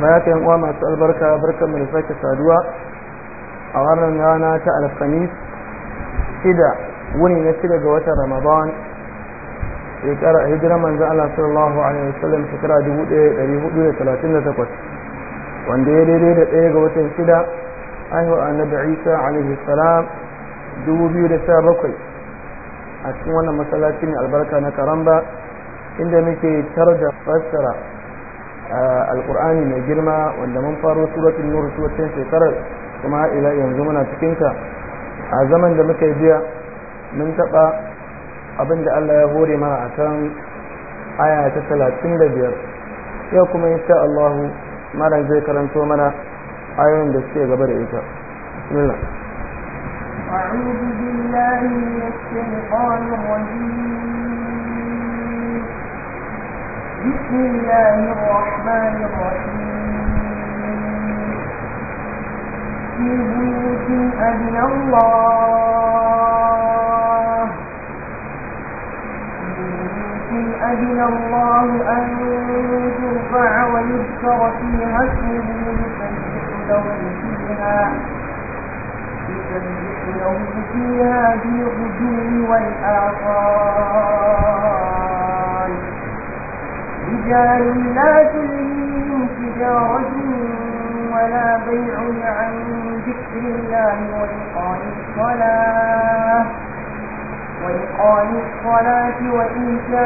baya ka uwa masu albarka barkan mu da sake saduwa a wannan rana ta alfamis shida wuni na shida ga watan ramadan shekara a hijirar manzan Allah sallallahu alaihi wasallam shekara 1438 wanda ya daidai da ɗaya ga watan shida haihuwa annabi isa alaihi salam 2017 a cikin wannan masallaci mai albarka na karamba inda muke tar da fassara alkur'ani mai girma wanda mun faro suratul nur wacce shekarar kuma ila yanzu muna cikin ta a zaman da muka biya mun taba abin da Allah ya hore mana akan aya ta 35 yau kuma insha Allah mara zai karanto mana ayoyin da suke gaba da ita bismillah أعوذ بالله من الشيطان الرجيم بسم الله الرحمن الرحيم في بيوت أذن الله بيوت أذن الله أن ترفع ويذكر فيها اسمه يسبح له فيها يسبح له فيها بالغدو والآصال رجال لا تلهيهم تجارة ولا بيع عن ذكر الله وإقام الصلاة وإقام الصلاة وإيتاء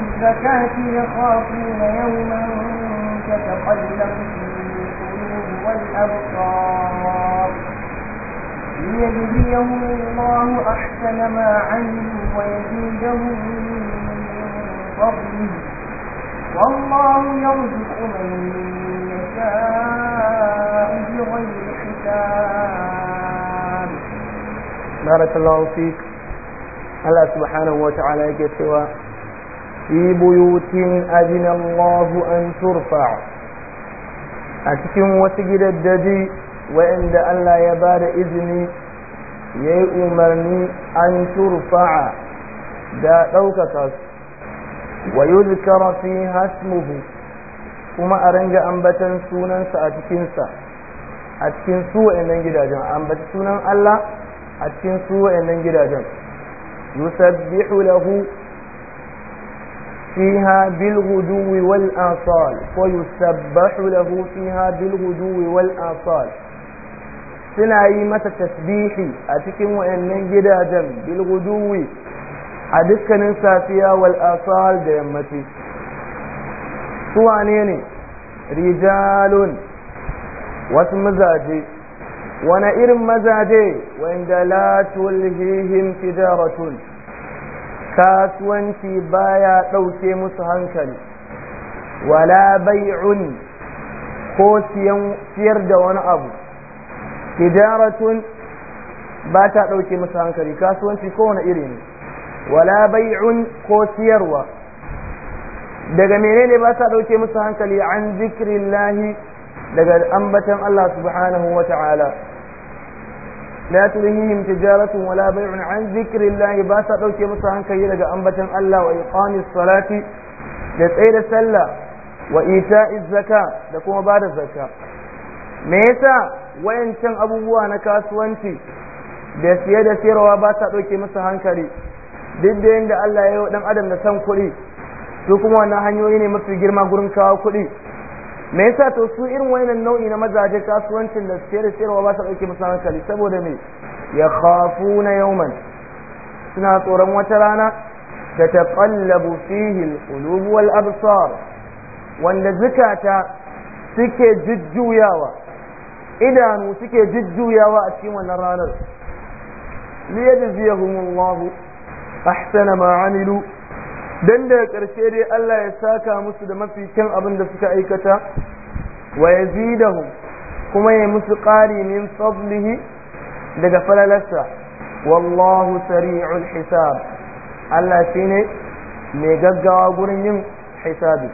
الزكاة يخافون يوما تتقلب فيه القلوب والأبصار ليجزيهم الله أحسن ما عملوا ويزيدهم من فضله والله يرزق من يشاء بغير حساب بارك الله فيك Allah subhanahu wa ta'ala ya ce cewa buyutin ajin Allah an turfa a cikin wasu gidan da ji Allah ya ba da izini ya yi umarni an turfa da ɗaukaka wa yuzkara fi hasmuhu kuma a ranga ambatan sunansa a cikinsa a cikin su wa'annan gidajen ambaci sunan Allah a cikin su wa'annan gidajen yusabbihu lahu فيها بالغدو والآصال ويسبح له فيها بالغدو والآصال سنعي متى تسبيحي أتكم وإن جداجا بالغدو a dukkanin safiya wal da yammaci su wane ne rijalun wasu mazaje wani irin mazaje wanda la tulhihim tijaratun kasuwanci baya ɗauke musu hankali wala bai'un ko siyar da wani abu tijaratun ba ta ɗauke musu hankali kasuwanci wani iri ne wala bai'un ko siyarwa daga menene ba sa dauke musu hankali an zikrillahi daga ambatan Allah subhanahu wa ta'ala la tulhihim tijaratun wala bai'un an zikrillahi ba sa dauke musu hankali daga ambatan Allah wa iqamis salati da tsaye sallah wa ita'iz zaka da kuma bada zakka me yasa wayancan abubuwa na kasuwanci da siye da siyarwa ba sa dauke musu hankali duk da yadda Allah ya yi dan adam da san kuɗi su kuma wannan hanyoyi ne mafi girma gurin kawo kuɗi me yasa to su irin wannan nau'i na mazaje kasuwancin da suke da sayarwa ba su ɗauke musu hankali saboda me ya yau yawman suna tsoron wata rana da taqallabu fihi al wal absar wanda zukata suke jujjuyawa idanu suke jujjuyawa a cikin wannan ranar liyajziyahumullahu ahsana ma amilu dan da ƙarshe dai Allah ya saka musu da mafi kyan abin da suka aikata wa yazidahum kuma ya musu ƙari min fadlihi daga falalarsa wallahu sari'ul hisab Allah shine mai gaggawa gurin yin hisabi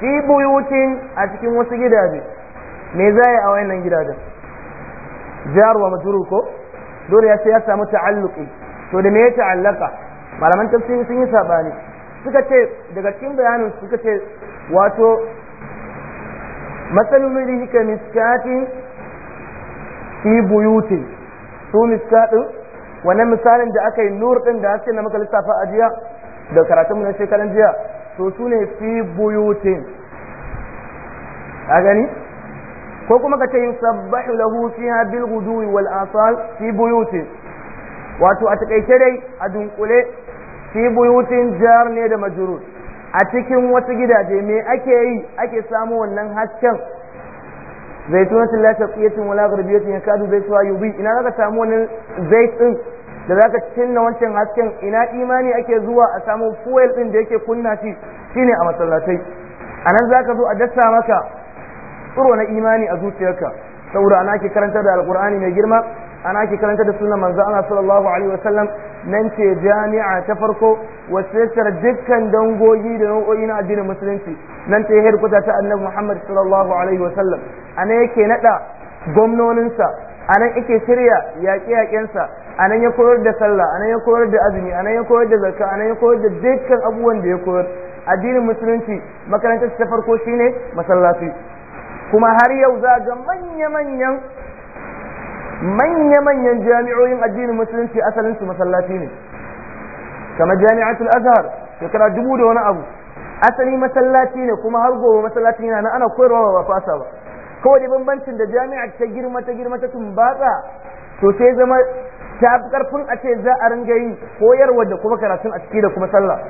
fi buyutin a cikin wasu gidaje me za a wayannan gidajen jar wa ko dole ya sai ya samu ta'alluqi to da me ya ta'allaka malaman tafsiri sun yi sabani suka ce daga cikin bayanin suka ce wato matsalolin mulki ka miskati fi buyutin su miskatin wannan misalin da aka yi nur din da haske na maka lissafa a jiya da karatunmu na shekaran jiya to su ne fi buyutin a gani ko kuma ka ce yin sabbahu lahu fiha bil guduwi wal asal fi buyutin wato a takaice dai a dunkule fi buyutin jar ne da majrur a cikin wasu gidaje me ake yi ake samu wannan hasken zaitunatin la taqiyatin wala gharbiyatin yakadu zaituha yubi ina zaka samu wannan zait da zaka cinna wancan hasken ina imani ake zuwa a samu fuel din da yake kunna shi shine a masallatai anan zaka zo a dasa maka tsoro na imani a zuciyarka saboda ana ake karanta da alkur'ani mai girma ana ake karanta da sunan manzo Allah sallallahu alaihi wasallam nan ce jami'a ta farko wacce dukkan dangogi da nau'o'i na addinin musulunci nan ta yi ta annabi Muhammad sallallahu alaihi wasallam ana yake nada gwamnoninsa anan yake shirya yaƙe-yaƙensa anan ya koyar da sallah anan ya koyar da azumi anan ya koyar da zakka anan ya koyar da dukkan abubuwan da ya koyar addinin musulunci makarantar ta farko shine masallaci kuma har yau za ga manya-manyan manya-manyan jami'oyin addinin musulunci asalinsu masallaci ne kamar jami'atul azhar shekara dubu da wani abu asali masallaci ne kuma har gobe masallaci yana na ana koyarwa ba fasa ba kawai da bambancin da jami'a ta girma ta girma ta tumbatsa to sai zama ta fi karfin a ce za a ringa yi koyarwa da kuma karatun a ciki da kuma sallah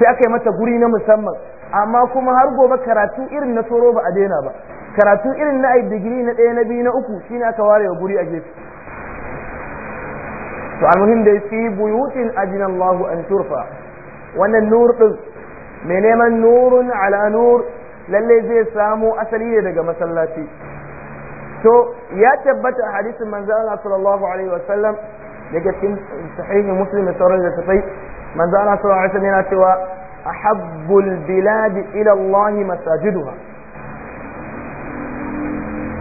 sai aka yi mata guri na musamman amma kuma har gobe karatu irin na tsoro ba a daina ba karatu irin na digiri na ɗaya na biyu na uku shine aka ware wa guri a gefe to almuhim dai fi buyutin ajina Allahu an turfa wannan nur din mai neman nurun ala nur lalle zai samu asali ne daga masallaci to ya tabbata hadisin manzo Allah sallallahu alaihi wasallam daga cikin sahihi muslim sauran da tafai manzo Allah sallallahu alaihi wasallam yana cewa ahabbul bilad ila Allah masajiduha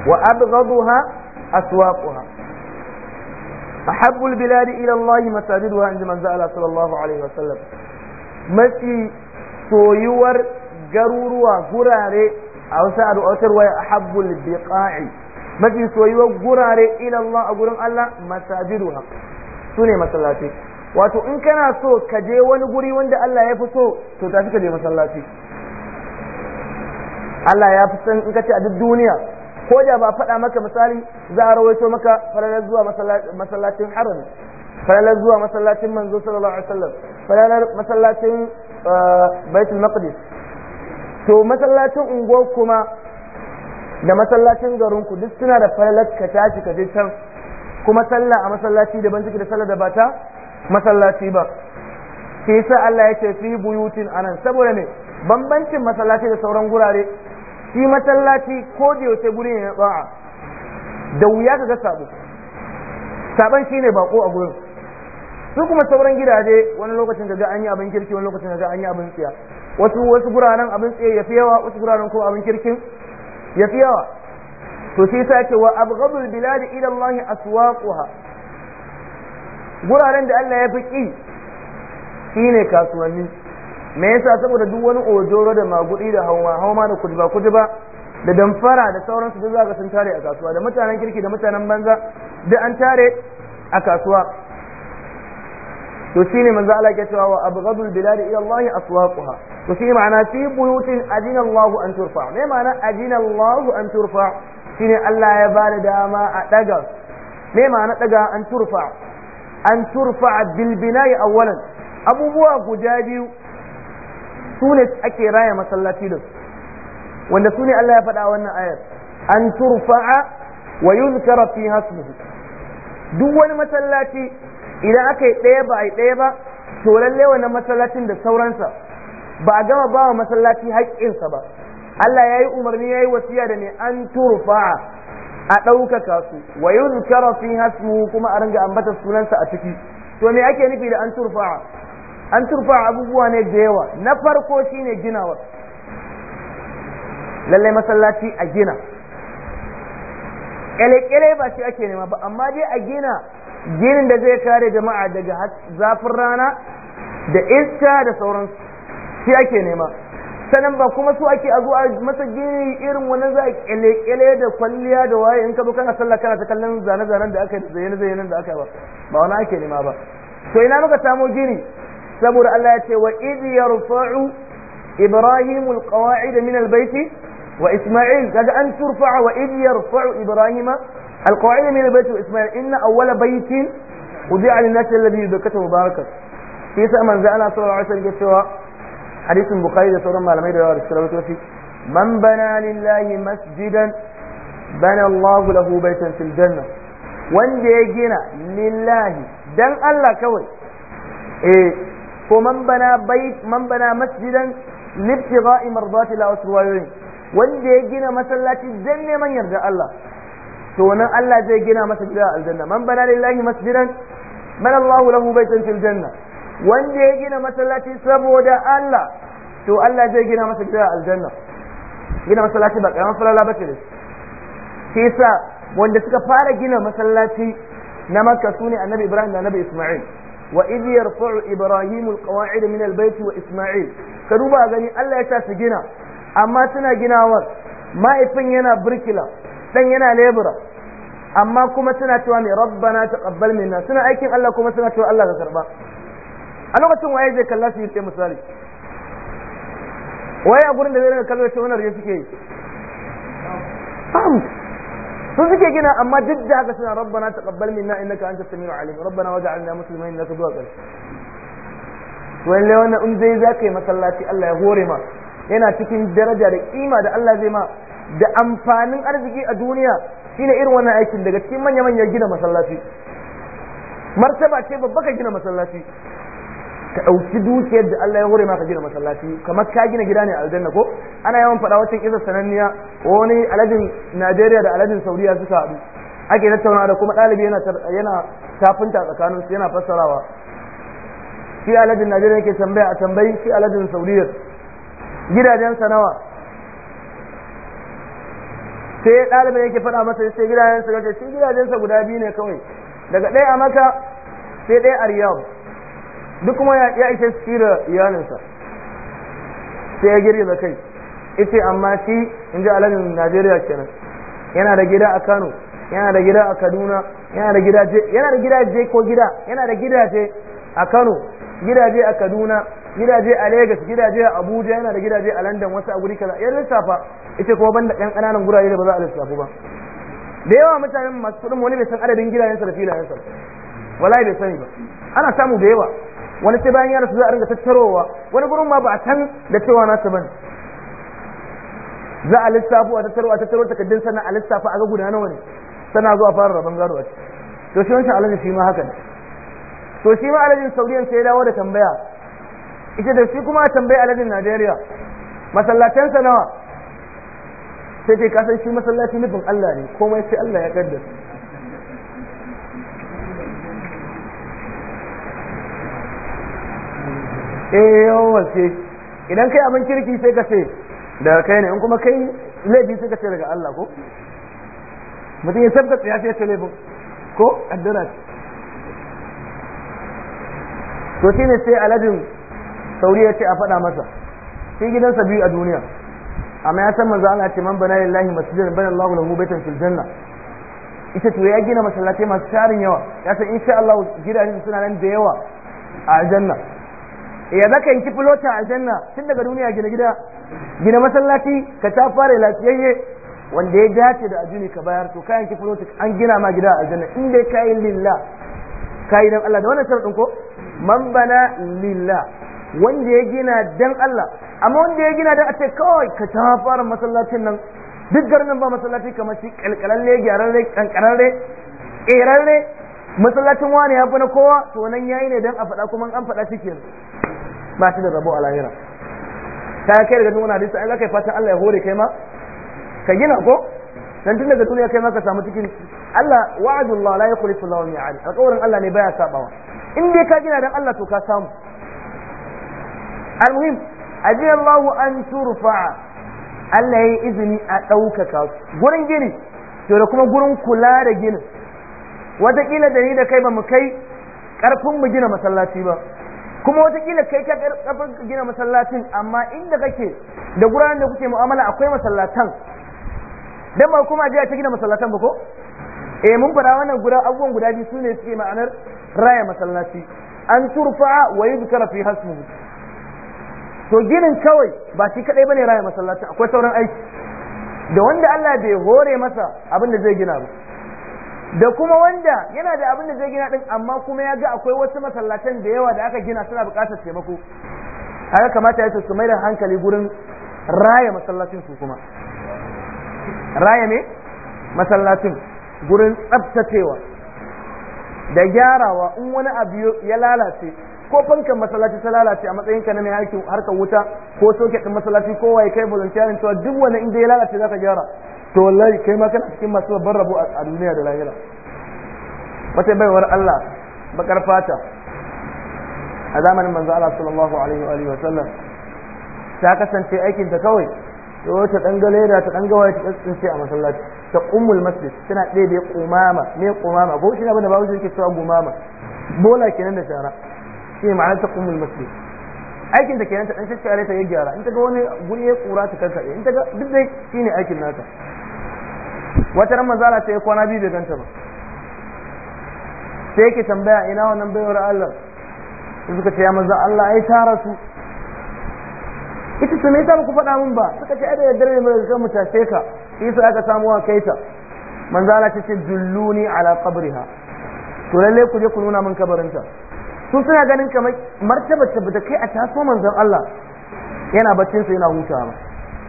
wa abghaduha aswaquha ahabbu albilad ila Allah masajiduha inda Allah sallallahu alaihi soyuwar garuruwa gurare a wasu addu'atar waya ahabbul biqa'i mafi soyuwar gurare ila a gurin Allah masajiduha sune masallaci wato in kana so ka je wani guri wanda Allah ya fi so to tafi ka je masallaci Allah ya fi san in ka ce a duk duniya ko da ba faɗa maka misali za a rawaito maka falalar zuwa masallacin haram falalar zuwa masallacin manzo sallallahu alaihi wasallam falalar masallacin eh, baitul maqdis to masallacin unguwar kuma da masallacin garin ku duk suna da falalar ka tashi ka je can kuma sallah a masallaci daban take da sallah da ba ta masallaci ba sai sa Allah ya ce fi buyutin anan saboda ne bambancin masallaci da sauran gurare shi masallaci ko da yaushe guri ne na ba'a da wuya ka ga sabo saban shine bako a gurin su kuma sauran gidaje wani lokacin ka ga an yi abin kirki wani lokacin ka ga an yi abin tsiya wasu wasu guraren abin tsiya ya fi yawa wasu guraren ko abin kirkin ya fi yawa to sai sa ce wa abghadul biladi ila Allah aswaquha guraren da Allah ya fi ki shine kasuwanni me yasa saboda duk wani ojoro da magudi da hauma hauma da kujiba kujiba da damfara da sauransu duk zaka sun tare a kasuwa da mutanen kirki da mutanen banza duk an tare a kasuwa to shine manzo Allah ya cewa wa abghadul bilad ila Allah aswaquha to shine ma'ana fi buyutin ajina Allah an turfa me ma'ana ajina Allah an turfa shine Allah ya bada dama a daga me ma'ana daga an turfa an turfa bil bina'i awwalan abubuwa guda biyu su ne ake raya masallaci da su wanda su ne Allah ya faɗa wannan ayar an turfa'a wa yuzkara fi hasmuhu duk wani masallaci idan aka yi ɗaya ba a yi ɗaya ba to lalle wannan masallacin da sauransa ba a gama ba wa masallaci haƙƙinsa ba Allah ya yi umarni ya yi wasiya da ne an turfa'a a ɗaukaka su wa yuzkara fi hasmuhu kuma a ringa ambatar sunansa a ciki to me ake nufi da an turfa'a an turfa abubuwa ne da yawa na farko shine ginawa lallai masallaci a gina ƙyale-ƙyale ba shi ake nema ba amma dai a gina ginin da zai kare jama'a daga zafin rana da iska da sauran shi ake nema sanan ba kuma su ake a masa gini irin wani za ƙyale-ƙyale da kwalliya da waye in ka zo kana sallah kana ta kallon zane-zanen da aka yi da zayyane da aka yi ba ba wani ake nema ba to ina muka samo gini saboda Allah ya ce wa idh yarfa'u ibrahim alqawa'id min albaiti wa isma'il kaga an turfa'a wa idh yarfa'u ibrahim alqawa'id min albaiti wa isma'il inna awwala baytin wudi'a lin-nas alladhi yubakkatu mubarakan shi yasa manzo ana sallallahu alaihi wasallam ya cewa hadisin bukhari da sauran malamai da yawa da suka wasu shi man bana lillahi masjidan bana Allah lahu baitan fil janna wanda ya gina lillahi dan Allah kawai eh ko man bana bait man bana masjidan libtigha'i mardati la wanda ya gina masallaci zan neman yarda Allah to wannan Allah zai gina masa gida aljanna man bana lillahi masjidan bana Allahu lahu baitan fil janna wanda ya gina masallaci saboda Allah to Allah zai gina masa gida aljanna gina masallaci ba karamin falala bace da shi yasa wanda suka fara gina masallaci na Makka sune Annabi Ibrahim da Annabi Isma'il wa idh yarfa'u ibrahim alqawa'id wa isma'il ka duba gani Allah ya sa su gina amma suna ginawar mahaifin yana birkila dan yana lebura amma kuma suna cewa mai rabbana taqabbal minna suna aikin Allah kuma suna cewa Allah ka karba a lokacin ya je kalla su yi misali waye a gurin da zai rinka kallo ce wannan suke yi Sun suke gina amma duk da haka suna rabbana taqabbal minna innaka anta samiu alim rabbana waj'alna muslimina lak zuwa qul wallahi wannan in zai zaka yi masallaci Allah ya hore ma yana cikin daraja da kima da Allah zai ma da amfanin arziki a duniya shine irin wannan aikin daga cikin manya-manyan gina masallaci martaba ce babba ka gina masallaci ka ɗauki dukiyar da Allah ya hore maka gina masallaci kamar ka gina gida ne a aljanna ko ana yawan faɗa wacce kisa sananniya wani aladin Najeriya da aladin Saudiya suka haɗu ake tattauna da kuma ɗalibi yana yana tafinta tsakanin su yana fassarawa shi aladin Najeriya yake tambaya a tambayi shi aladin Saudiya gidajen nawa sai ɗalibin yake faɗa masa sai gidajen sa shi gidajen sa guda biyu ne kawai daga ɗaya a maka sai ɗaya a Riyadh duk kuma ya ishe su shi da iyalinsa sai ya girgiza kai ita amma shi in ji alhajin najeriya kenan yana da gida a kano yana da gida a kaduna yana da gidaje yana da je ko gida yana da gidaje a kano gidaje a kaduna gidaje a lagos gidaje a abuja yana da gidaje a london wasu a guri kaza ya lissafa ita kuma banda yan ƙananan gurare da ba za a lissafa ba da yawa mutane masu kuɗin wani bai san adadin gidajensa da filayensa wallahi bai sani ba ana samu da yawa wani sai bayan ya su za a ringa tattarowa wani gurin ma ba a san da cewa nasa bane za a lissafo a tattaro a tattaro takaddun sana a lissafa a ga guda nawa ne sana zuwa fara rabon gado a ciki to shi wancan alhaji shi ma haka ne to shi ma alajin saudiyan sai ya dawo da tambaya ita da shi kuma tambaya alajin najeriya masallacensa nawa sai ce kasan shi masallaci nufin allah ne komai sai allah ya kaddasa eh yawan ce idan kai abin kirki sai ka ce daga kai ne in kuma kai laifi sai ka ce daga Allah ko mutum ya tabbata ya ce laifin ko addana to shi ne sai aladin sauri ya ce a faɗa masa sai gidansa biyu a duniya amma ya san manzo Allah ce man bana lillahi masjidan bana Allahu lahu baitan fil janna ita to ya gina masallatai masu tarin yawa ya san insha Allah gidajen suna nan da yawa a janna ya zaka yanki filota a janna tun daga duniya gina gida gina masallaci ka ta fara lafiyayye wanda ya dace da ajini ka bayar to ka yanki filota an gina ma gida a janna inda dai kayi lillah kayi don Allah da wannan sharadin ko man bana lillah wanda ya gina dan Allah amma wanda ya gina dan a ce kawai ka ta fara masallacin nan duk garin nan ba masallaci kamar shi kalkalalle gyararre kankararre kerarre masallacin wani ya fi na kowa to nan yayi ne dan a faɗa kuma an faɗa shi kenan ba shi da rabo a lahira ta kai daga cikin wani hadisi ai kai fatan Allah ya hore kai ma ka gina ko dan tun daga duniya kai ma ka samu cikin Allah wa'adullah la yukhlifu Allahu mi'ad alƙawarin Allah ne baya sabawa in dai ka gina dan Allah to ka samu almuhim ajin Allahu an turfa'a Allah ya yi izini a ɗaukaka gurin gini to da kuma gurin kula da ginin wataƙila da ni da kai ba mu kai ƙarfin mu gina masallaci ba kuma watakila kai ka ka gina masallacin amma inda kake da guraren da kuke mu'amala akwai masallatan dan ba kuma jiya ta gina masallatan ba ko eh mun fara wannan guda abubuwan guda biyu sune suke ma'anar raya masallaci an turfa wa yuzkara fi hasmuhu to ginin kawai ba shi kadai bane raya masallaci akwai sauran aiki da wanda Allah bai hore masa abin da zai gina ba da kuma wanda yana da abin da zai gina din amma kuma ya ga akwai wasu masallatan da yawa da aka gina suna buƙatar taimako haka kamata ya su mai da hankali gurin raya masallacin su kuma raya me masallacin gurin tsaftacewa da gyarawa in wani abu ya lalace ko fankan masallaci ta lalace a matsayinka na mai harkar wuta ko soket din masallaci ko ya kai volunteering cewa duk wani inda ya lalace zaka gyara to wallahi kai ma kana cikin masu babban rabo a duniya da lahira wata baiwar Allah bakar fata a zamanin manzo Allah sallallahu alaihi wa sallam ta kasance aikin ta kawai to ta dan galeda ta dan gawaye ta tsince a masallaci ta ummul masjid tana ɗebe kumama me kumama ko shi abin da babu bawo yake cewa kumama. bola kenan da shara shi ne ma'anar ta ummul masjid aikin ta kenan ta dan shashare ta ya gyara in ta ga wani guri ya kura ta kanka, in ta ga duk dai ne aikin nata wata ran manzo ta yi eh, kwana biyu bai ganta ba sai yake tambaya ina wannan baiwar Allah sai suka ce ya manzo Allah ai ta rasu ita su me yasa ku faɗa min ba suka ce ai da yaddare mai kan mu tashe ka isa aka samu wa kai ta ce dulluni ala qabriha to lalle ku je ku nuna min kabarinta su suna ganin kamar martaba ta da kai a taso manzon Allah yana baccin sa yana hutawa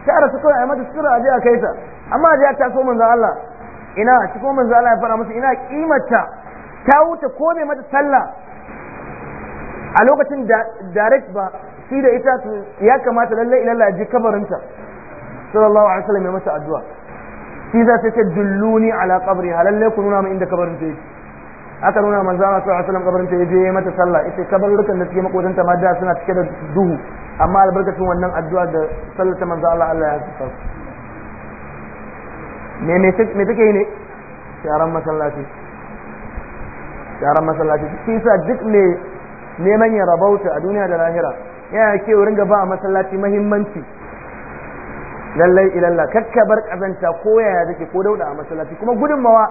ta rasu kawai ai mata sura aje a kai ta amma ya taso manzon Allah ina cikin manzon Allah ya fara musu ina kimarta ta wuce ko bai mata sallah a lokacin direct ba shi da ita ya kamata lallai ilallah ji kabarinta sallallahu alaihi wasallam ya mata addu'a shi za ta ce dulluni ala qabri halalle ku nuna min inda kabarin ta yake aka nuna manzo Allah sallallahu alaihi wasallam kabarin ta ya mata sallah ita kabarukan da take makotanta ma da suna cike da duhu amma albarkacin wannan addu'a da sallar manzo Allah Allah ya saka me me take yi ne sharan masallaci sharan masallaci shi sa duk me neman ya rabauta a duniya da lahira ya yana ke wurin gaba a masallaci mahimmanci lallai ilalla kakkabar bar kazanta ko yaya zake ko dauda a masallaci kuma gudunmawa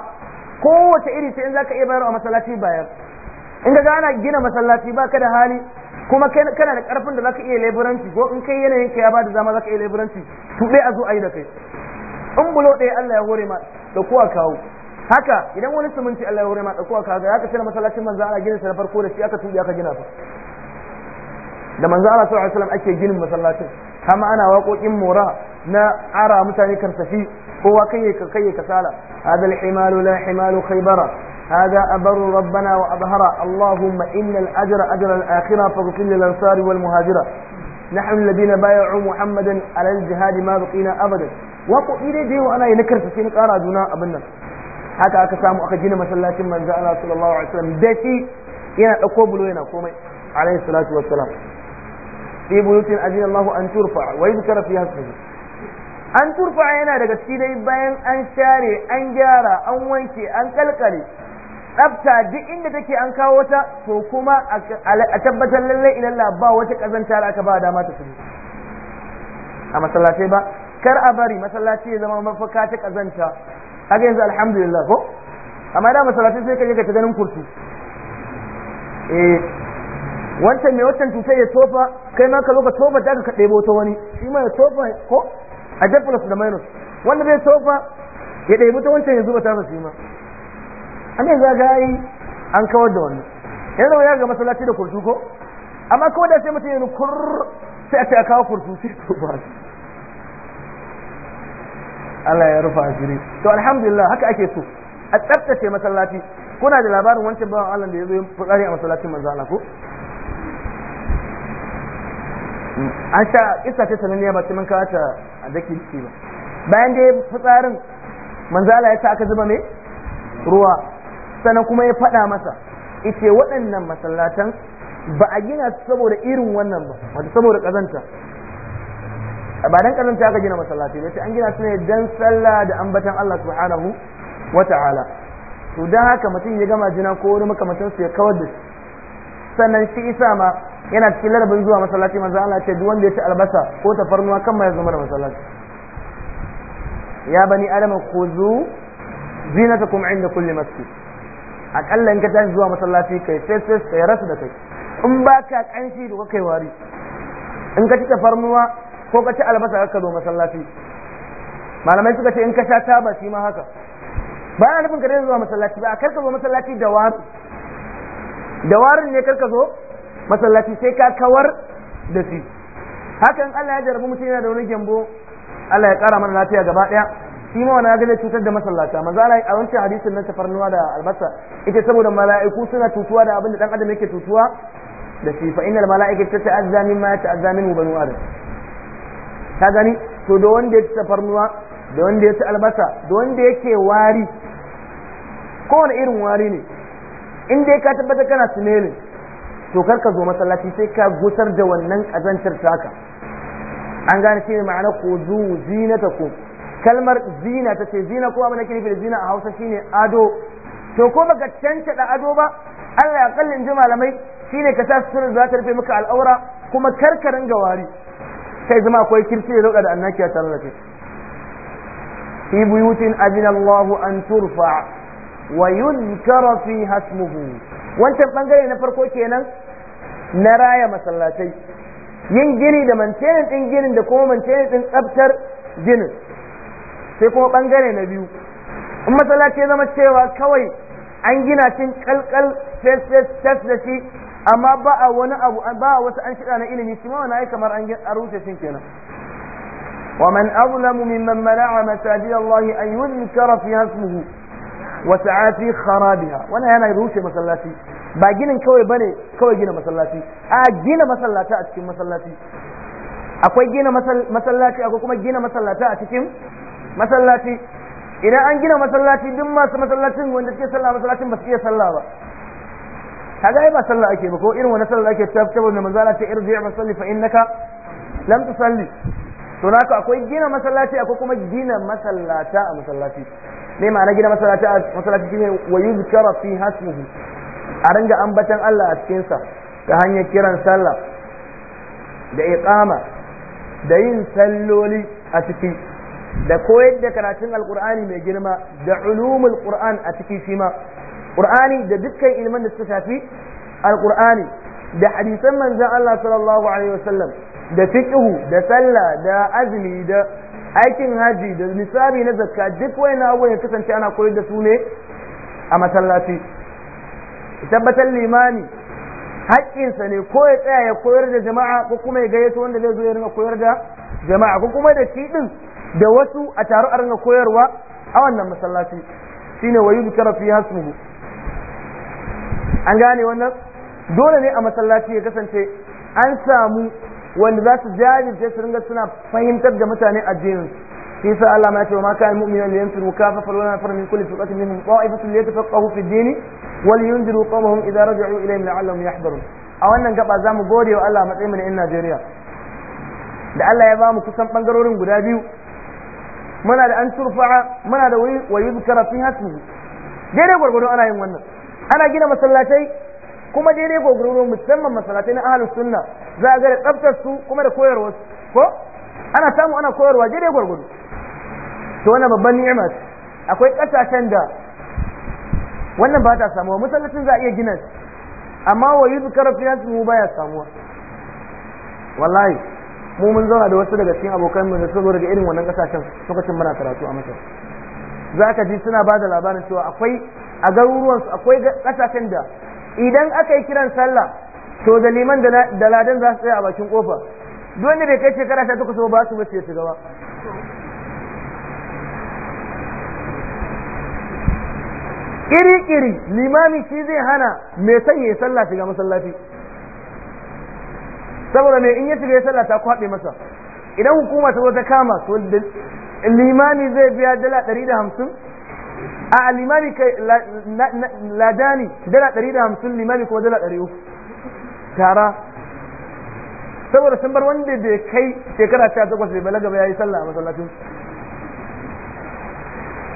kowace iri ce in za ka iya bayar a masallaci bayar in ga ana gina masallaci ba ka da hali kuma kana da karfin da za ka iya leburanci ko in kai yanayin ka ya da zama ka iya leburanci tube a zo a yi da kai in bulo ɗaya Allah ya hore ma da kuwa kawo haka idan wani siminti Allah ya hore ma da kuwa kawo ya ka sai masallacin manzo Allah gina sa na farko da shi aka tuɓe aka gina fa da manzo Allah sallallahu alaihi wasallam ake ginin masallacin kama ana waƙoƙin mora na ara mutane karsashi kowa kai ka kai kasala hadal himalu la himalu khaybara هذا أبر ربنا وأبهر اللهم إن الأجر أجر الآخرة فاغفر للأنصار والمهاجرة nahnu alladhina bay'u muhammadan ala al-jihad ma baqina abadan wa ko ire da yawa ana yi na karfafe na kara abin nan haka aka samu aka gina masallacin manzo Allah sallallahu alaihi wasallam da shi yana dauko bulo yana komai alaihi salatu wassalam fi buyutin azina Allah an turfa wa yuzkara fiha ismuhu an turfa yana daga cikin dai bayan an share an gyara an wanke an kalkale tsabta duk inda take an kawo ta to kuma a tabbatar lallai ilalla ba wata kazanta da aka ba dama ta su a masallatai ba kar a bari masallaci ya zama mafaka ta kazanta haka yanzu alhamdulillah ko amma da masallaci sai ka je ka ta ganin kurtu eh wancan mai wancan tutai ya tofa kai ma ka zo ka tofa da ka ɗebo ta wani shi ma ya tofa ko a plus da minus wanda bai tofa ya ɗebo ta wancan ya zuba ta shi ma an yanzu ga yi an kawar da wani yanzu ya ga masallaci da kurtu ko amma kawai da sai mutum ya nukur sai a ce a kawo kurtu sai to ba Allah ya rufa asiri to alhamdulillah haka ake so a tsaftace masallaci kuna da labarin wancan bawan Allah da ya zo fitsari a masallacin manzo Allah ko an sha Isa ta sananniya ba sai mun kawo a daki ba bayan da ya fitsarin manzo ya sa aka zuba mai ruwa sannan kuma ya faɗa masa ice waɗannan masallatan ba a gina su saboda irin wannan ba wato saboda ƙazanta ba dan ƙazanta aka gina masallatai ba sai an gina su ne dan sallah da ambatan Allah subhanahu wata'ala to dan haka mutum ya gama jina ko wani makamacin su ya kawar da sannan shi isa ma yana cikin larabin zuwa masallaci manzo Allah ce duk wanda ya ci albasa ko tafarnuwa kan ma ya zama da masallaci ya bani adama khuzu kuma inda kulli masjid akalla in ka tashi zuwa masallaci kai sai sai kai rasu da kai in ba ka kanshi da kai wari in ka ci tafarnuwa ko ka ci albasa ka zo masallaci malamai suka ce in ka sha taba shi ma haka ba na nufin ka dai zuwa masallaci ba kar ka zo masallaci da wari. da warin ne kar ka zo masallaci sai ka kawar da shi hakan Allah ya jarabu mutum yana da wani gyambo Allah ya kara mana lafiya gaba daya shi ma wani zai cutar da masallata maza a wancan hadisin na tafarnuwa da albasa ita saboda mala'iku suna tutuwa da abin da dan adam yake tutuwa da shi fa innal mala'ikata ta'azza mimma yata'azza minhu banu adam ka gani to da wanda ya ci tafarnuwa da wanda ya ci albasa da wanda yake wari kowane irin wari ne in dai ka tabbata kana sinelin, to kar ka zo masallaci sai ka gusar da wannan kazantar taka an gane shi ne ma'ana ku zu zinatakum kalmar zina ta ce zina kowa mana da da zina a hausa shine ado to ko baka da ado ba Allah ya kallin ji malamai shine ka sa sunan za ta rufe maka al'aura kuma karkarin gawari kai zama akwai kirci da dauka da annaki ya tarar da kai fi buyutin azina Allah an turfa wa yuzkara fi hasmuhu wancan bangare na farko kenan na raya masallatai yin gini da mantenin din ginin da kuma mantenin din tsaftar ginin sai kuma bangare na biyu in masallaci ya zama cewa kawai an gina cin kalkal fes da shi amma ba a wani abu ba a wasu an shida na ilimi shi ma wani ai kamar an rushe shi kenan ومن أظلم ممن منع مساجد الله أن يذكر فيها اسمه وسعى في خرابها وانا هنا rushe masallaci ba ginin kawai bane kawai gina masallaci a gina masallata a cikin masallaci akwai gina masallaci akwai kuma gina masallata a cikin masallaci idan an gina masallaci duk masu masallacin wanda suke sallah masallacin ba su iya sallah ba kaga ai ba sallah ake ba ko irin wani sallah ake ta tabbata mai manzala ta irji' fa salli fa innaka lam tusalli to naka akwai gina masallaci akwai kuma gina masallata a masallaci me ma'ana gina masallaci a masallaci shine wa yuzkara fi hasmuhu a ringa ambatan Allah a cikin sa ta hanyar kiran sallah da iqama da yin salloli a ciki da koyar da karatun alkur'ani mai girma da ulumul qur'an a cikin shi ma qur'ani da dukkan ilmin da suka shafi alkur'ani da hadisan manzon Allah sallallahu alaihi wasallam da fiqhu da sallah da azumi da aikin haji da nisabi na zakka duk na abubuwan ya kasance ana koyar da su ne a masallaci tabbatar limani haƙƙinsa ne ko ya tsaya ya koyar da jama'a ko kuma ya gayyato wanda zai zo ya koyar da jama'a ko kuma da shi din da wasu a taro a ringa koyarwa a wannan masallaci shine wayu zikra fi hasmuhu an gane wannan dole ne a masallaci ya kasance an samu wanda za su jajirce su ringa suna fahimtar da mutane a jinin shi yasa Allah ma ce wa ma kana mu'mina li yanfiru kafafa wa la min kulli firqatin minhum qa'ifatun li yatafaqahu fi ad-din yunziru qawmahum idza raja'u ilayhim la'allahum yahdharun a wannan gaba zamu gode wa Allah matsayin mu na in Najeriya da Allah ya ba mu kusan bangarorin guda biyu muna da an turfa'a muna da wa yuzkara fi hasmi daidai gwargwado ana yin wannan ana gina masallatai kuma daidai gwargwado musamman masallatai na ahlus sunna za ga da tsaftar su kuma da koyarwa ko ana samu ana koyarwa daidai gwargwado to wannan babban ni'ima akwai kasashen da wannan ba ta samuwa masallacin za a iya gina amma wa yuzkara fi hasmi baya samuwa wallahi mu mun zauna da wasu daga cikin abokan mu da su zo daga irin wannan kasashen lokacin muna karatu a masar za ka ji suna ba da labarin cewa akwai a su akwai kasashen da idan aka yi kiran sallah to da liman da ladan za su tsaya a bakin kofa don da bai kai shekara ta takwas ba su bace shiga ba kiri-kiri limami shi zai hana mai sanya sallah shiga masallaci saboda me in ya shiga ya sallah ku haɗe masa idan hukuma ta zo ta kama to limani zai biya dala ɗari da hamsin a limani kai ladani dala ɗari da hamsin limani kuma dala ɗari uku tara saboda sun bar wanda bai kai shekara ta takwas bai balaga ba ya yi sallah a masallacin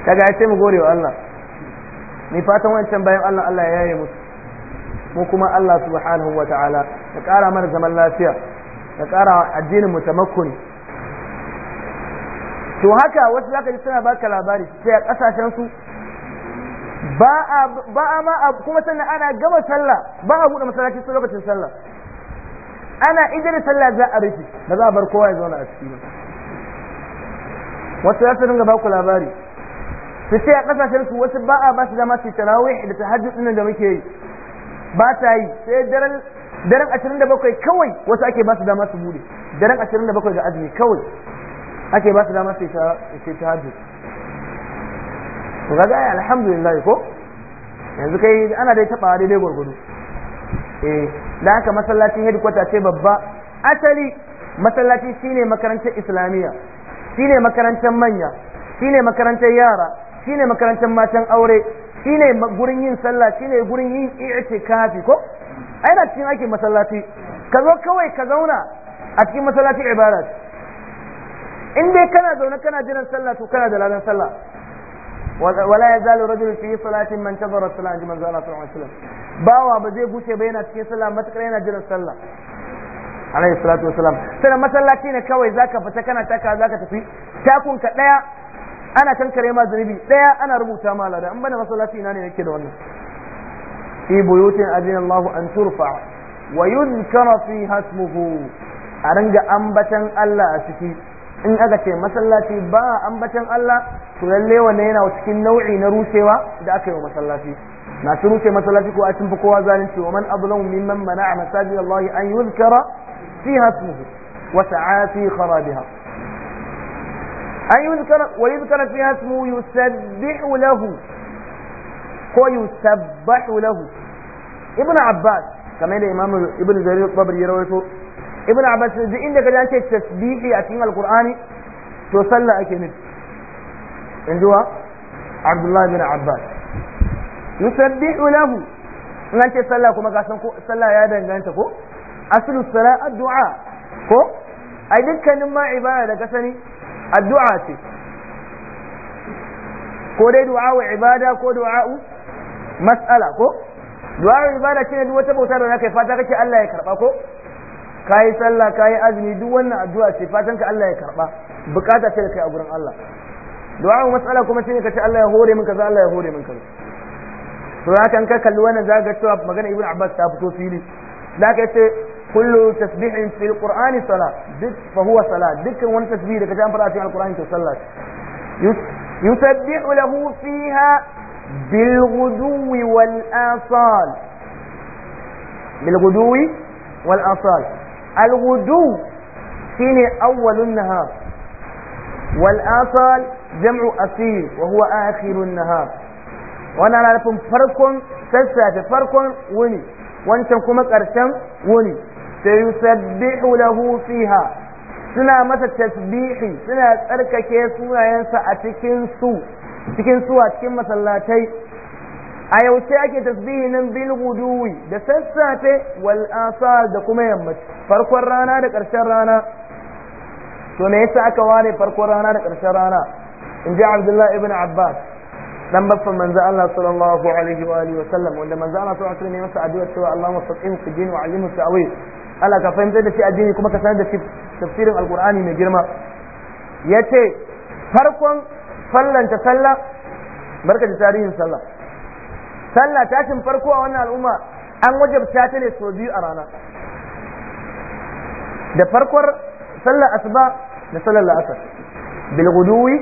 kaga ya ce mu gorewa wa Allah ni fatan wancan bayan Allah Allah ya yaye musu mu kuma Allah subhanahu wa ta'ala ka ƙara mana zaman lafiya ka ƙara addinin mu to haka wasu zaka ji suna baka labari sai a ƙasashen su ba a a ma kuma sannan ana gama sallah ba a bude masallaci sai lokacin sallah ana da sallah za a rufe ba za a bar kowa ya zauna a ciki ba wasu za su dinga baku labari su ce a ƙasashen su wasu ba a ba su dama su tarawih da tahajjud din da muke yi ba ta yi sai daren daren 27 kawai wasu ake ba su dama su bude daren 27 ga azumi kawai ake ba su dama su yi ta hajji ga ai alhamdulillah ko yanzu kai ana dai taba daidai gwargwado eh da haka masallacin headquarter ce babba asali masallaci shine makarantar islamiyya shine makarantar manya shine makarantar yara shine makarantar matan aure shine gurin yin sallah shine gurin yin i'tikafi ko aina cikin aikin masallaci ka zo kawai ka zauna a cikin masallaci ibada in dai kana zaune kana jiran sallah to kana da ladan sallah wala ya zalu rajul fi salatin man tazara salat ji manzo Allah sallallahu alaihi wasallam bawa ba zai gushe ba yana cikin sallah matakar yana jiran sallah alayhi salatu wasalam sannan masallaci ne kawai zaka fita kana taka zaka tafi takun ka daya ana kankare ma zunubi daya ana rubuta ma lada in bana masallaci ina ne nake da wannan في بيوت أذن الله أن ترفع ويذكر فيها اسمه أرنج أنبتا ألا أشكي in aka ce masallaci ba ambatan Allah to lalle wanne yana cikin nau'i na rushewa da aka yi wa masallaci masu rushe masallaci ko a cin kowa zalunci wa man ablamu mimman mana'a masajid Allah an yuzkara fiha ismuhu wa sa'a fi lahu ko yusabbahu lahu ibn abbas kamar da imamu ibn jarir babri ya rawaito ibn abbas duk inda ka ce tasbihi a cikin alqur'ani to sallah ake nufi in jiwa abdullahi Ibn abbas yusabbihu lahu nan ce sallah kuma ka san ko sallah ya danganta ko aslu sala addu'a ko ai dukkanin ma ibada da ka sani addu'a ce ko dai du'a wa ibada ko du'a mas'ala ko du'a ibada shine duk wata bauta da zaka yi fata kake Allah ya karba ko kayi sallah kayi azumi duk wannan addu'a ce fatan ka Allah ya karba bukata ce da kai a gurin Allah du'a mas'ala kuma shine kace Allah ya hore min kaza Allah ya hore min kaza to haka an ka kalli wannan zaka ga cewa magana ibnu Abbas ta fito fili zaka yace kullu tasbihin fil qur'ani salat duk fa huwa salat dukkan wani tasbih da kace an fara cikin alqur'ani to sallah yusabbihu lahu fiha بالغدو والآصال بالغدو والآصال الغدو شين أول النهار والآصال جمع أصيل وهو آخر النهار وانا نعرفهم فرق سلسة فرق وني وانتم كما قرشم وني سيسبح له فيها suna masa tasbihi suna tsarkake sunayensa a cikin su cikin suwa cikin masallatai a yaushe ake tasbihi nan bil guduwi da sassafe wal asar da kuma yammaci farkon rana da ƙarshen rana to me yasa aka ware farkon rana da ƙarshen rana in ji abdullahi ibn abbas dan baffan manzo Allah sallallahu alaihi wa alihi wa sallam wanda manzo Allah sallallahu alaihi wa sallam ya masa addu'a cewa Allahumma faqihhu fi din wa alimu ta'wil Allah ka fahimtar da shi addini kuma ka sanar da shi tafsirin alqur'ani mai girma yace farkon fallanta sallah barka da tarihin sallah sallah tashin farko a wannan al'umma an wajabta ta ne sau biyu a rana da farkon sallah asuba da sallar la'asar bil guduwi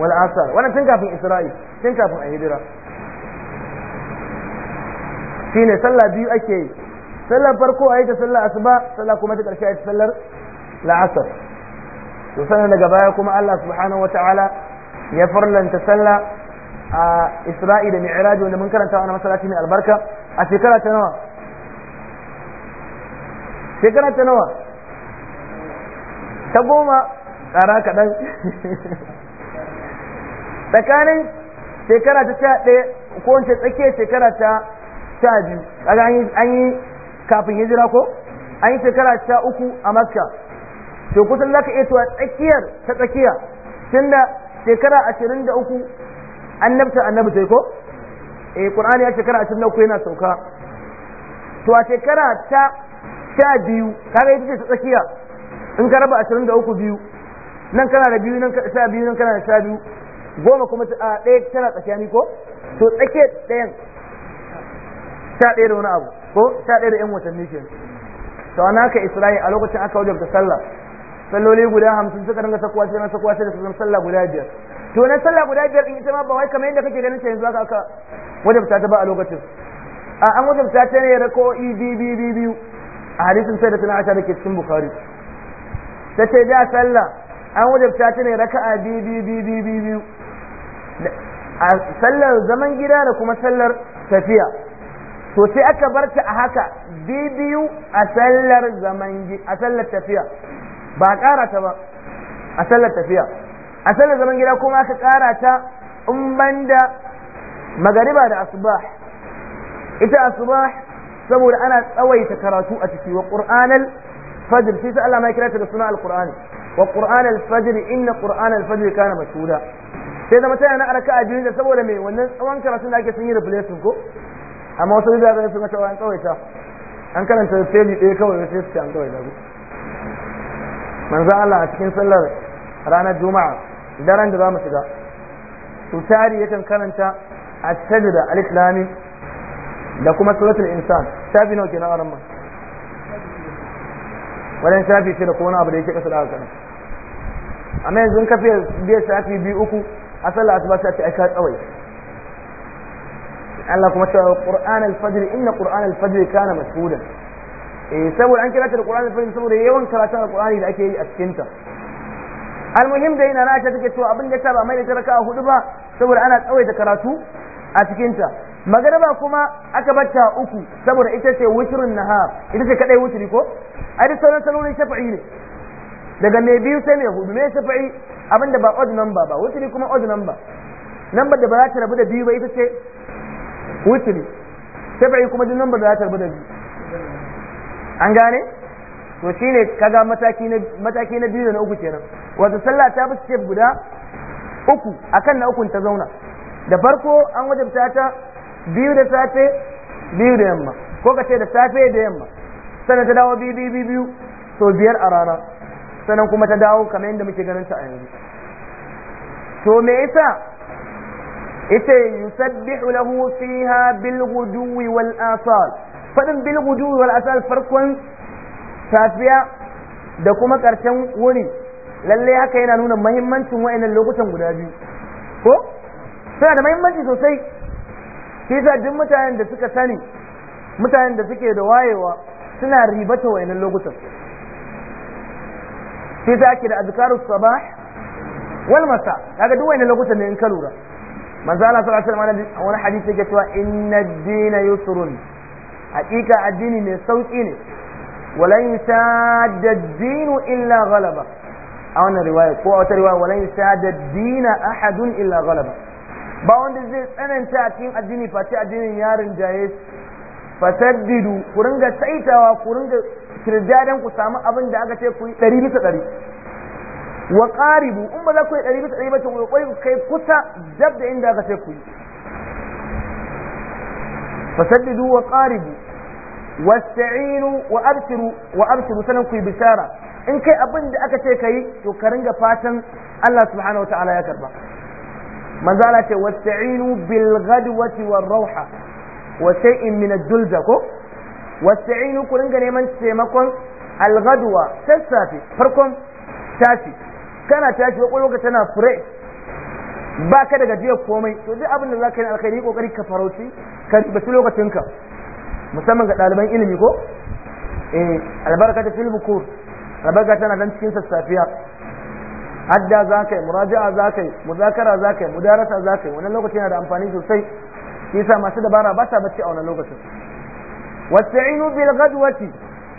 wal asar wannan tun kafin Isra'il tun kafin a hijira shine sallah biyu ake yi sallar farko a yi ta sallar asuba sallah kuma ta ƙarshe a yi ta sallar la'asar to sannan daga baya kuma Allah subhanahu ta'ala. ya farlanta sallah a isra'i da mi'raj wanda mun karanta wa masallaci mai albarka a shekara ta nawa shekara ta nawa ta goma tsara kaɗan tsakanin shekara ta sha ɗaya ko wance tsakiyar shekara ta sha biyu daga an yi kafin hijira ko an yi shekara sha uku a makka to kusan za ka iya tuwa tsakiyar ta tsakiya tunda shekara ashirin da uku an nabta annabi sai ko eh qur'ani ya shekara ashirin da uku yana sauka to a shekara ta sha biyu kaga ita ce ta tsakiya in ka raba ashirin da uku biyu nan kana da biyu nan sha biyu nan kana da sha biyu goma kuma a ɗaya tana tsakiya ni ko to tsakiyar ɗayan sha ɗaya da wani abu ko sha ɗaya da 'yan watanni ke to an haka isra'i a lokacin aka wajen ta sallah salloli guda hamsin suka dinga sakuwa sai na sakuwa sai da sun sallah guda biyar to na sallah guda biyar in ita ma ba wai kamar yadda kake ganin ta yanzu haka aka wajabta ta ba a lokacin a an wajabta ta ne rako'i biyu biyu a hadisin sai da tana asha da ke cikin bukhari ta ce da sallah an wajabta ta ne raka'a biyu biyu biyu biyu a sallar zaman gida da kuma sallar tafiya to sai aka bar ta a haka bibiyu a sallar zaman a sallar tafiya ba a ƙara ta ba a sallar tafiya a sallar zaman gida kuma aka ƙara ta in banda magariba da asubah ita asubah saboda ana tsawaita karatu a ciki wa qur'anal fajr shi sai Allah ma kira ta da suna alqur'ani wa qur'anal fajr inna qur'anal fajr kana mashhuda sai zama tana na arka a biyu da saboda mai wannan tsawon karatun da ake sun yi replacement ko amma wasu da ga sun ga an tsawaita an karanta sai ɗaya kawai sai su ci an tsawaita manzo Allah a cikin sallar ranar juma'a daren da mu shiga to tari yakan karanta at-tajda al islami da kuma suratul insan shafi nawa kenan aran man, wannan shafi ce da kowane abu da yake kasa da haka amma yanzu in kafe biya shafi biyu uku a sallar asuba sai ta aika tsawai Allah kuma ta Qur'an al-fajr inna Qur'an al-fajr kana mashhudan eh saboda an kira ta da Qur'ani fahim saboda yawan karatun da qurani da ake yi a cikin ta almuhim da na ta take cewa abin da ta ba mai da taraka hudu ba saboda ana tsawaita karatu a cikin ta magariba kuma aka bata uku saboda ita ce witrun nahar ita ce kadai witri ko ai da sauran salolin shafa'i ne daga mai biyu sai mai hudu mai shafa'i abinda ba odd number ba witri kuma odd number number da ba za ta rabu da biyu ba ita ce witri shafa'i kuma duk number da za ta rabu da biyu an gane to shine kaga mataki na mataki na biyu da na uku kenan wato sallah ta bi step guda uku akan na ukun ta zauna da farko an wajabta ta biyu da safe biyu da yamma ko ka ce da safe da yamma sannan ta dawo biyu biyu biyu to biyar a rana sannan kuma ta dawo kamar yadda muke ganin ta a yanzu to me yasa ita yusabbihu lahu fiha bil ghuduwi wal asal faɗin bil gudu wal asal farkon safiya da kuma ƙarshen wuni lalle haka yana nuna mahimmancin wa'annan lokutan guda biyu ko suna da mahimmanci sosai shi yasa duk mutanen da suka sani mutanen da suke da wayewa suna ribata wa'annan lokutan shi yasa ake da azkaru sabah wal masa kaga duk wa'annan lokutan ne in ka lura manzo Allah sallallahu alaihi wasallam wani hadisi yake cewa inna ad-dina yusrun hakika addini mai sauki ne walan yusadda ad-dinu illa ghalaba a wannan riwaya ko a wata riwaya walan yusadda ad-dina ahadun illa ghalaba ba wanda zai tsananta a cikin addini face addinin yarin jaye fasaddidu ku ringa saitawa ku ringa kirjadan ku samu abin da aka ce ku yi ɗari bisa ɗari wa ƙaribu in ba za ku yi ɗari bisa ɗari ba to ku ku kai kusa dab da inda aka ce ku yi fasaddidu wa ƙaribu wasta'inu wa abshiru wa abshiru sanan kuyi bishara in kai abin da aka ce kai to ka ringa fatan Allah subhanahu wataala ya karba manzo Allah ce wasta'inu bil ghadwati war rauha wa shay'in min ad-dulza ko wasta'inu ku ringa neman taimakon al ghadwa sassafe farkon tashi kana tashi kwakwalwarka tana fresh ba ka da gajiyar komai to duk abin da za ka yi alkhairi kokari ka farauci ka basu lokacinka musamman ga ɗaliban ilimi ko eh albarka ta fil bukur albarka tana nan cikin sassafiya hadda za ka yi muraja'a za ka yi muzakara za ka yi mudarasa za wannan lokaci yana da amfani sosai shi yasa masu dabara ba sa bacci a wannan lokacin wasta'inu bil ghadwati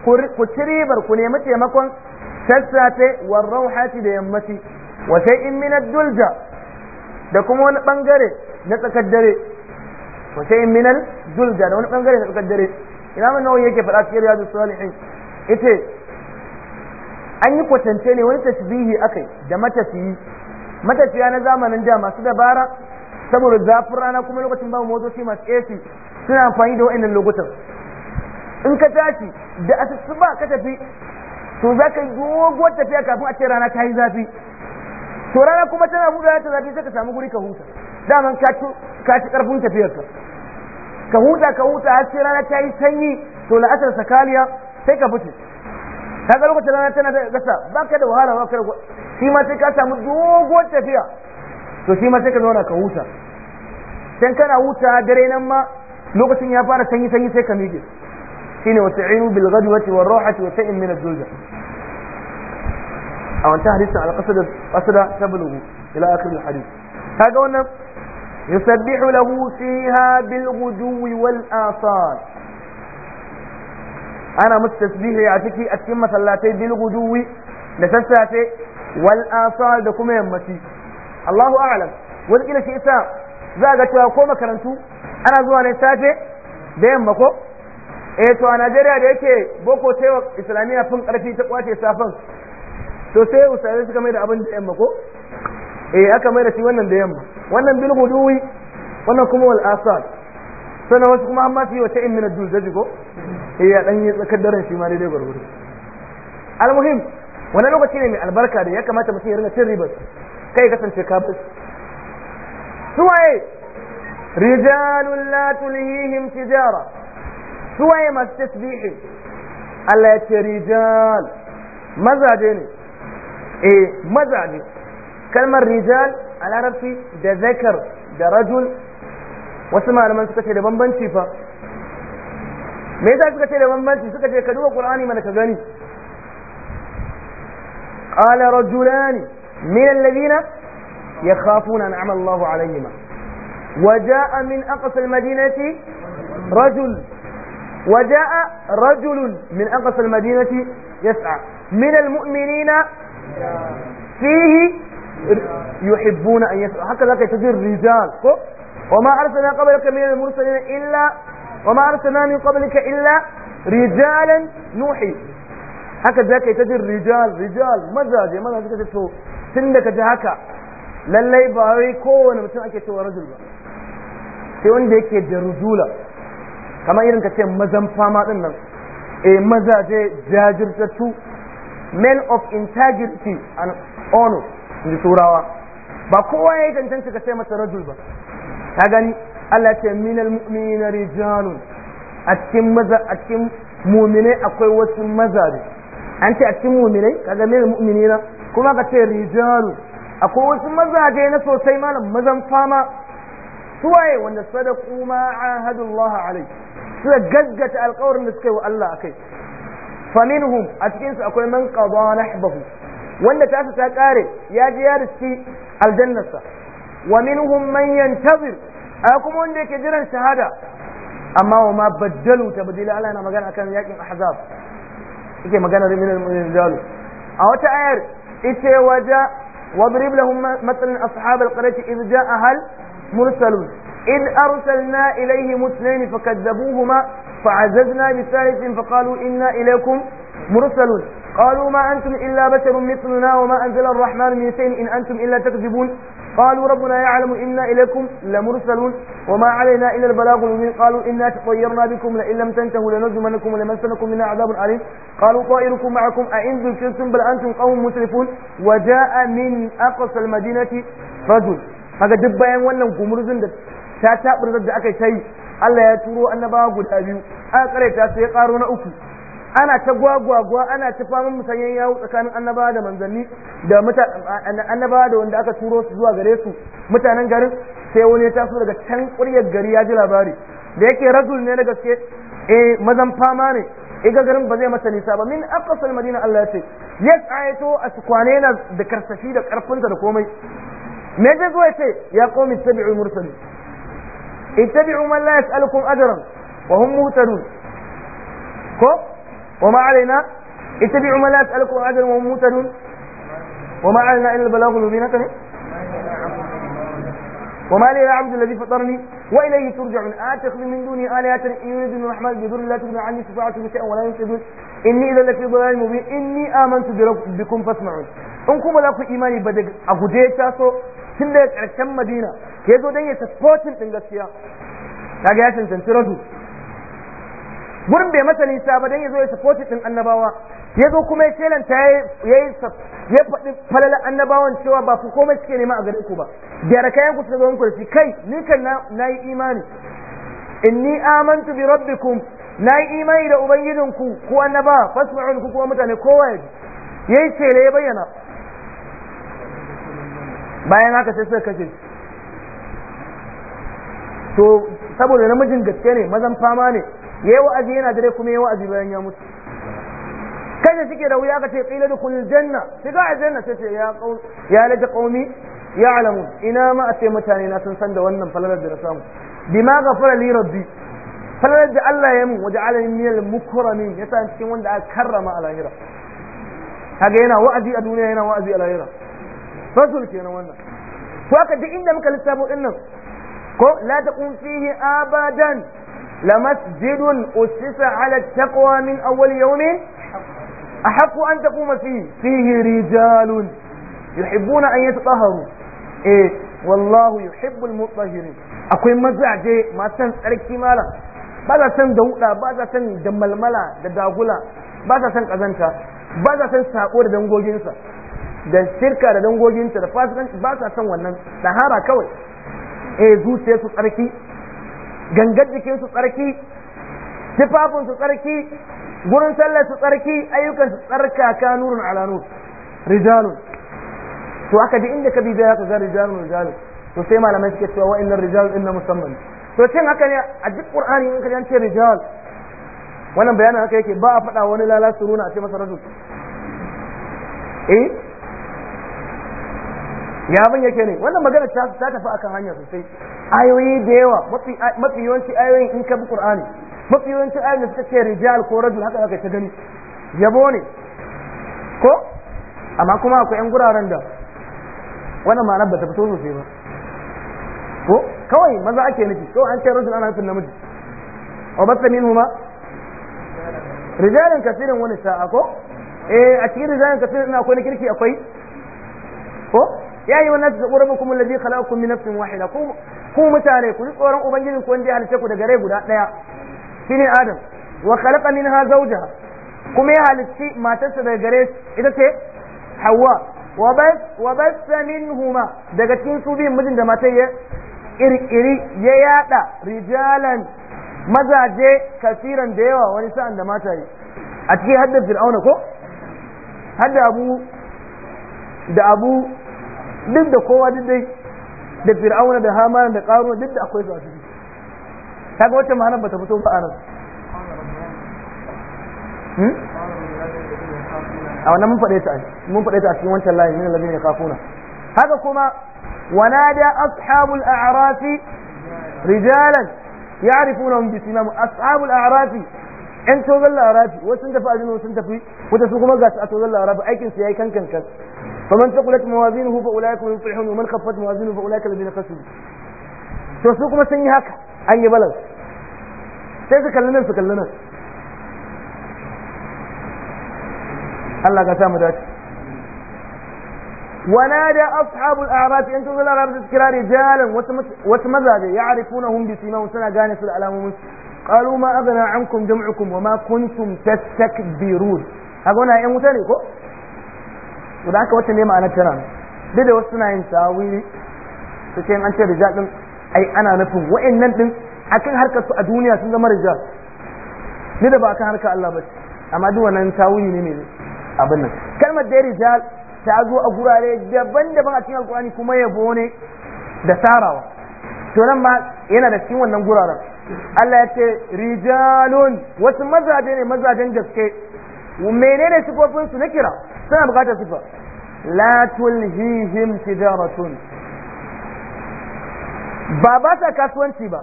ku ribar ku nemi taimakon sassafe war rauhati da yammaci wa in min ad-dulja da kuma wani bangare na tsakar dare wa shay'in min al julja da wani bangare na tsakar dare ina mun nawawi yake faɗa cikin riyadus salihin ite an yi kwatance ne wani tasbihi akai da matafiyi matafiya na zamanin da masu dabara saboda zafin rana kuma lokacin babu motoci masu AC suna amfani da wa'annan lokutan in ka tashi da asusuba ka tafi to za ka yi doguwar tafiya kafin a ce rana ta yi zafi to rana kuma tana buɗe ta zafi sai ka samu guri ka huta daman ka ci karfin tafiyarka ka huta ka huta har sai rana ta yi sanyi to la'asar sakaliya sai ka fice kaga lokacin rana tana da gasa baka da wahala baka da shi ma sai ka samu doguwar tafiya to shi ma sai ka zauna ka huta dan kana huta dare nan ma lokacin ya fara sanyi sanyi sai ka miƙe shine wasta'inu bil ghadwati war rawhati wa shay'in min az-zawja a wancan hadisin al-qasada qasada tablughu ila akhir al-hadith kaga wannan يسبح له فيها بالغدو والآصال أنا مستسبيه مستسبيح يعتكي أتكم مسلاتي بالغدو لسلساتي والآصال دكم يمتي الله أعلم وذكي لشيء سام ذاك تواكو مكرنتو أنا زواني ساتي ديم مكو eh to a Najeriya da yake boko sai islamiyya fin karfi ta kwace safin to sai usare suka mai da abin da yamma ko eh aka mai da shi wannan da yamma wannan bil huduwi wannan kuma wal asad sannan wasu kuma amma su yi wata in min ad-dul da jigo eh ya dan yi tsakar daren shi ma daidai gurgudu almuhim wannan lokaci ne mai albarka da ya kamata mutum ya rinka cin ribar kai kasance ka bi suwaye rijalun la tulhihim tijara suwaye masu tasbihi Allah ya ce rijal mazaje ne eh mazaje kalmar rijal a larabci da zakar da rajul wasu malaman suka ce da bambanci fa me yasa suka ce da bambanci suka ce ka duba qur'ani mana ka gani qala rajulani min alladhina yakhafuna an amala Allahu alayhima wa jaa min aqsa almadinati rajul wa jaa rajul min aqsa almadinati yas'a min almu'minina fihi يحبون أن يسمعوا حكا لك يتجي الرجال وما أرسلنا قبلك من المرسلين إلا وما أرسلنا من قبلك إلا رجالا نوحي حكا ذاك يتجي الرجال رجال ماذا جاء ماذا جاء تتو سندك جاء حكا للي باريكو ونمتنع كتو رجل تيون ديك يجا رجولة كما يرن كتير مزم فاما إنن إيه مزاجي جاجر تتو men of integrity and honor in turawa ba kowa ya yi cancanci ka sai masa rajul ba ka gani Allah ce minal mu'minina rijalun a cikin maza a cikin mumine akwai wasu ne? an ce a cikin mu'minai kaga minal mu'minina kuma ka ce rijalun akwai wasu mazaje na sosai malam mazan fama suwaye wanda sadaku ma ahadullah alai suka gaggata alƙawarin da suka yi wa Allah akai faminhum a cikin su akwai man qada nahbahu wanda tasa ta kare ya je ya riski aljannarsa wa minhum man yantazir a kuma wanda yake jiran shahada amma wa ma baddalu tabdila Allah yana magana akan yakin ahzab yake magana rimin al-mujalu a wata ayar ice waja wadrib lahum mathalan ashab al-qaryah id ja'a hal mursalun id arsalna ilayhi mutnayn fakadzabuhuma fa'azzazna bi thalith fa qalu inna ilaykum مرسل قالوا ما أنتم إلا بشر مثلنا وما أنزل الرحمن من شيء إن أنتم إلا تكذبون قالوا ربنا يعلم إنا إليكم لمرسلون وما علينا إلا البلاغ المبين قالوا إنا تطيرنا بكم لئن لم تنتهوا لنرجمنكم ولمسنكم منا عذاب أليم قالوا طائركم معكم أئن ذكرتم بل أنتم قوم مسرفون وجاء من أقصى المدينة رجل haka duk bayan wannan gumurzun da ta taɓurzar da aka yi Allah ya turo annabawa guda biyu aka kare ta sai karo na uku ana ta gwagwagwa ana ta faman musanyen yawo tsakanin annabawa da manzanni da annabawa da wanda aka turo su zuwa gare su mutanen garin sai wani ya taso daga can kuryar gari ya ji labari da yake rajul ne na gaske eh mazan fama ne iga garin ba zai masa nisa ba min aqsal madina Allah ya ce ya tsayato a sukwane na da karsashi da karfinsa da komai me zai zo ya ce ya ta tabi'u mursali ittabi'u man la yas'alukum ajran wa hum muhtadun ko وما علينا اتبعوا ما لا يسألكم أجر وممتدون وما علينا إلا البلاغ المبين وما لي العبد الذي فطرني وإليه ترجعون آتخذ من دوني آلهة إن يريد الرحمن بضر لا تغني عني شفاعتهم شيئا ولا ينقذون إني إذا لفي ضلال مبين إني آمنت بكم فاسمعون in kuma za ku imani ba daga a guje ta so tun daga ƙarshen madina ke zo don ya supporting ɗin gaskiya kaga ya cancanci rasu gurin bai masa nisa ba dan ya zo ya support ɗin annabawa ya zo kuma ya kelanta ya yi ya faɗi falalar annabawan cewa ba ku komai suke nema a gare ku ba gyara kayan ku suka zo muku da shi kai ni kan na yi imani inni amantu bi rabbikum na yi imani da ubangidinku ku annaba fasma'un ku kuma mutane kowa ya ji yayi shela ya bayyana bayan haka sai suka kashe to saboda namijin gaske ne mazan fama ne yayi wa'azi yana dare kuma yayi wa'azi bayan ya mutu kai da suke da wuya ka ce qila dukhul janna shiga aljanna sai ce ya qaum ya laja qaumi ya'lamun ina ma ace mutane na sun san da wannan falalar da na samu bima fara li rabbi falalar da Allah ya mun waje alani minal ya yasa cikin wanda aka karrama a lahira kaga yana wa'azi a duniya yana wa'azi a lahira rasul kenan wannan Ko aka duk inda muka lissafo dinnan ko la taqum fihi abadan لمسجد أسس على التقوى من أول يوم أحق أن تقوم فيه فيه رجال يحبون أن يتطهروا إيه والله يحب المطهرين akwai mazaje masu tsarki malam ba za san da huda ba za san da malmala da dagula ba za san kazanta ba za san sako da dangoginsa da shirka da dangoginsa da fasikanci ba za san wannan dahara kawai eh zuciya su tsarki gangar jikin su tsarki tufafin su tsarki gurin sallar su tsarki ayyukan su tsarka ka nurun ala nur rijalun to aka ji inda ka bi da ka ga rijalun rijalun to sai malamai suke cewa wa'annan rijalun inna musamman to cin haka ne a duk qur'ani in ka ji an ce rijal wannan bayanin haka yake ba a faɗa wani lalasuruna a ce masa rajul eh ya ban yake ne wannan magana ta ta tafi akan hanya sosai ayoyi da yawa mafi yawanci ayoyin in ka bi qur'ani mafi yawanci ayoyin da suka ce rijal ko rajul haka haka ta gani yabo ne ko amma kuma akwai yan guraren da wannan ma'anar ba ta fito sosai ba ko kawai maza ake nufi kawai an ce rajul ana nufin namiji wa batta huma rijalin kasirin wani sa'a ko eh a cikin rijalin kasirin akwai na kirki akwai ko ya yi wannan tsaku kuma alladhi khalaqakum min nafsin wahida ku ku mutane ku tsoron ubangijin ku wanda ya halice ku daga rai guda daya shine adam wa khalaqa minha zawjaha kuma ya halicci matarsa daga gare ita ce hawa wa basta minhuma daga cikin su biyun mijin da matar ya kirkiri ya yada rijalan mazaje kasiran da yawa wani sa'an da mata yi a cikin haddar fir'auna ko hadda abu da abu duk da kowa duk dai da fir'auna da hamana da ƙaro duk da akwai zuwa ciki kaga wacce ma'anar bata fito ba a nan hmm? a wannan mun faɗe ta mun faɗe ta a cikin wancan layin min alladhina kafuna. haka kuma wana da ashabul a'rafi rijalan ya'rifunahum bi simam ashabul a'rafi yan tozon larafi wasu sun tafi ajinu sun tafi wata su kuma ga su a tozon larafi aikinsu ya yi kankan kan فمن ثقلت موازينه فاولئك يفلحون ومن خفت موازينه فاولئك الذين خسروا to سوق kuma sun yi haka an yi balance الله su kalli ونادى أصحاب الأعراف أن تنزل الأعراف الذكر رجالا وتمزاجا يعرفونهم بسيماهم سنة قانس الألام قالوا ما أغنى عنكم جمعكم وما كنتم تستكبرون أقولنا يا متاني to da haka wata nema ma'anar tara duk da wasu suna yin tawili su ce an ce rijal din ai ana nufin wa'annan din akan harkar su a duniya sun zama rijal duk da ba akan harkar Allah ba amma duk wannan tawili ne ne abin nan kalmar da rijal ta zo a gurare daban-daban a cikin alkurani kuma yabo ne da sarawa to nan ma yana da cikin wannan guraren Allah ya ce rijalun wasu mazaje ne mazajen gaske menene sifofin su na kira suna bukatar sifa la tulhihim tijaratun ba ba sa kasuwanci ba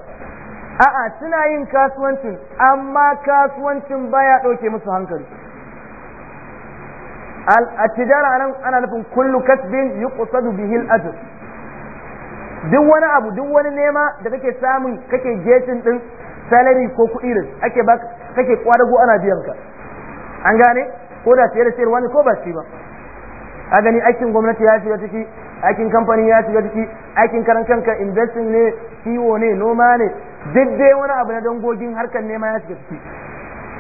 a'a suna yin kasuwancin amma kasuwancin baya ɗauke musu hankali A tijara nan ana nufin kullu kasbin yuqsadu bihi al-ajr duk wani abu duk wani nema da kake samun kake getin din salari ko kuɗi ake kake kwadago ana biyan ka an gane ko da sayar da wani ko ba shi ba a gani aikin gwamnati ya shiga ciki aikin kamfani ya shiga ciki aikin karan kanka investing ne kiwo e ne noma ne duk dai wani abu na dangogin harkar nema ya shiga ciki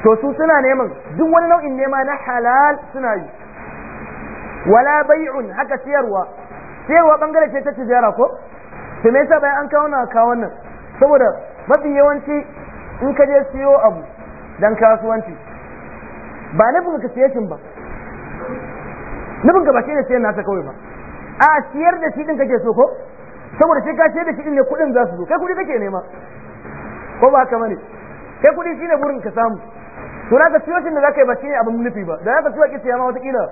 to su suna neman duk wani nau'in nema na halal suna yi wala bai'un haka siyarwa siyarwa bangare ce ta tijara ko to me yasa bayan an kawo na kawo nan saboda mafi yawanci in ka je siyo abu dan kasuwanci ba nufin ka siye shin ba nufin ka ba shi da siyan nasa kawai ba a siyar da shi din kake so ko saboda sai ka siyar da shi din ne kuɗin za su zo kai kuɗi kake nema ko ba haka bane kai kuɗi ne burin ka samu to na ka siyo shi da ka yi ba shi ne abin nufi ba da ka siyo ki siya ma watakila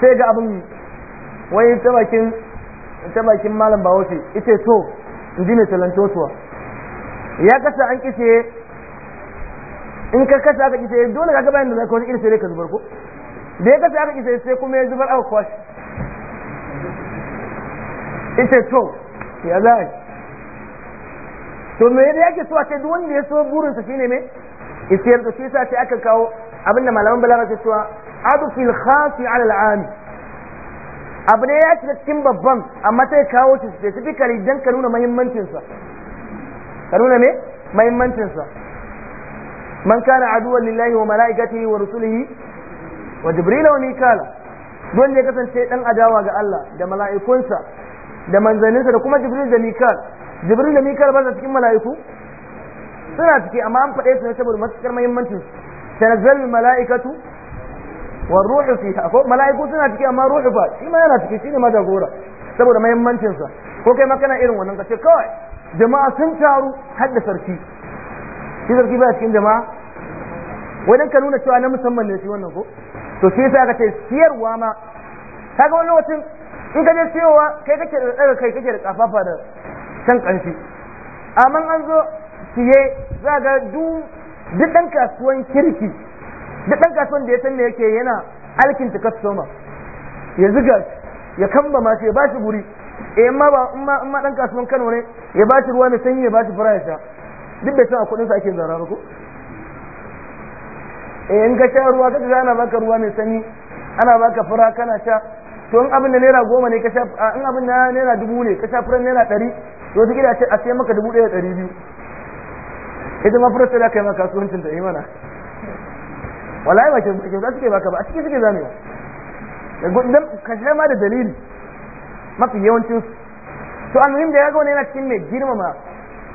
sai ga abin wai tabakin bakin ta bakin malam ita so in ji mai talantotuwa ya kasa an kishe in ka kasa aka kisa dole kaga bayan da zaka wani irin sai ka zubar ko da ya kasa aka kisa sai kuma ya zubar aka kwashi ita to ya za to me yadda yake so a ce duk wanda ya so burinsa shine me isiyar da shi sa sai aka kawo abinda malaman balaga ke cewa adu fil khasi ala al'am abu ne ya da cikin babban amma sai kawo shi specifically dan ka nuna muhimmancinsa. ka nuna me muhimmancinsa. من كان عدوا لله wa ورسله wa rusulihi wa jibril wa mikala don اداوا kasance dan adawa ga Allah da mala'ikunsa da manzanninsa da kuma jibril da mikal jibril da mikal ba cikin mala'iku suna ciki amma an faɗe su ne saboda matukar muhimmancin tanazzal tanazzalul mala'ikatu war ruhu fi ta. mala'iku suna ciki amma ruhu ba shi ma yana ciki shine ma jagora saboda muhimmancin sa ko kai ma kana irin wannan kace kawai jama'a sun taru hadda sarki shi ba baya cikin jama'a wadan ka nuna cewa na musamman ne shi wannan ko to shi yasa ka ce siyarwa ma kaga wani lokacin in ka je siyowa kai kake da daga kai kake da kafafa da can kanshi amma an zo siye za ga duk dan kasuwan kirki duk dan kasuwan da ya san me yake yana alkinta customer ya ziga ya kamba ma ya ba shi guri eh ma ba in ma dan kasuwan Kano ne ya ba shi ruwa mai sanyi ya ba shi fara ya sha duk da cewa sa ake zara ba ko eh in ka sha ruwa kaga ana baka ruwa mai sani ana baka fura kana sha to in abin da naira goma ne ka sha in abin da naira dubu ne ka sha fura naira ɗari to duk da a sai maka dubu ɗaya ɗari biyu ita ma fura sai da kai maka kasuwancin ta imana eh mana wallahi ba kin kyauta suke baka ba a ciki suke zamewa dan ka sha ma da dalili mafi yawancin su to almuhim da ya ga wani yana cikin mai girmama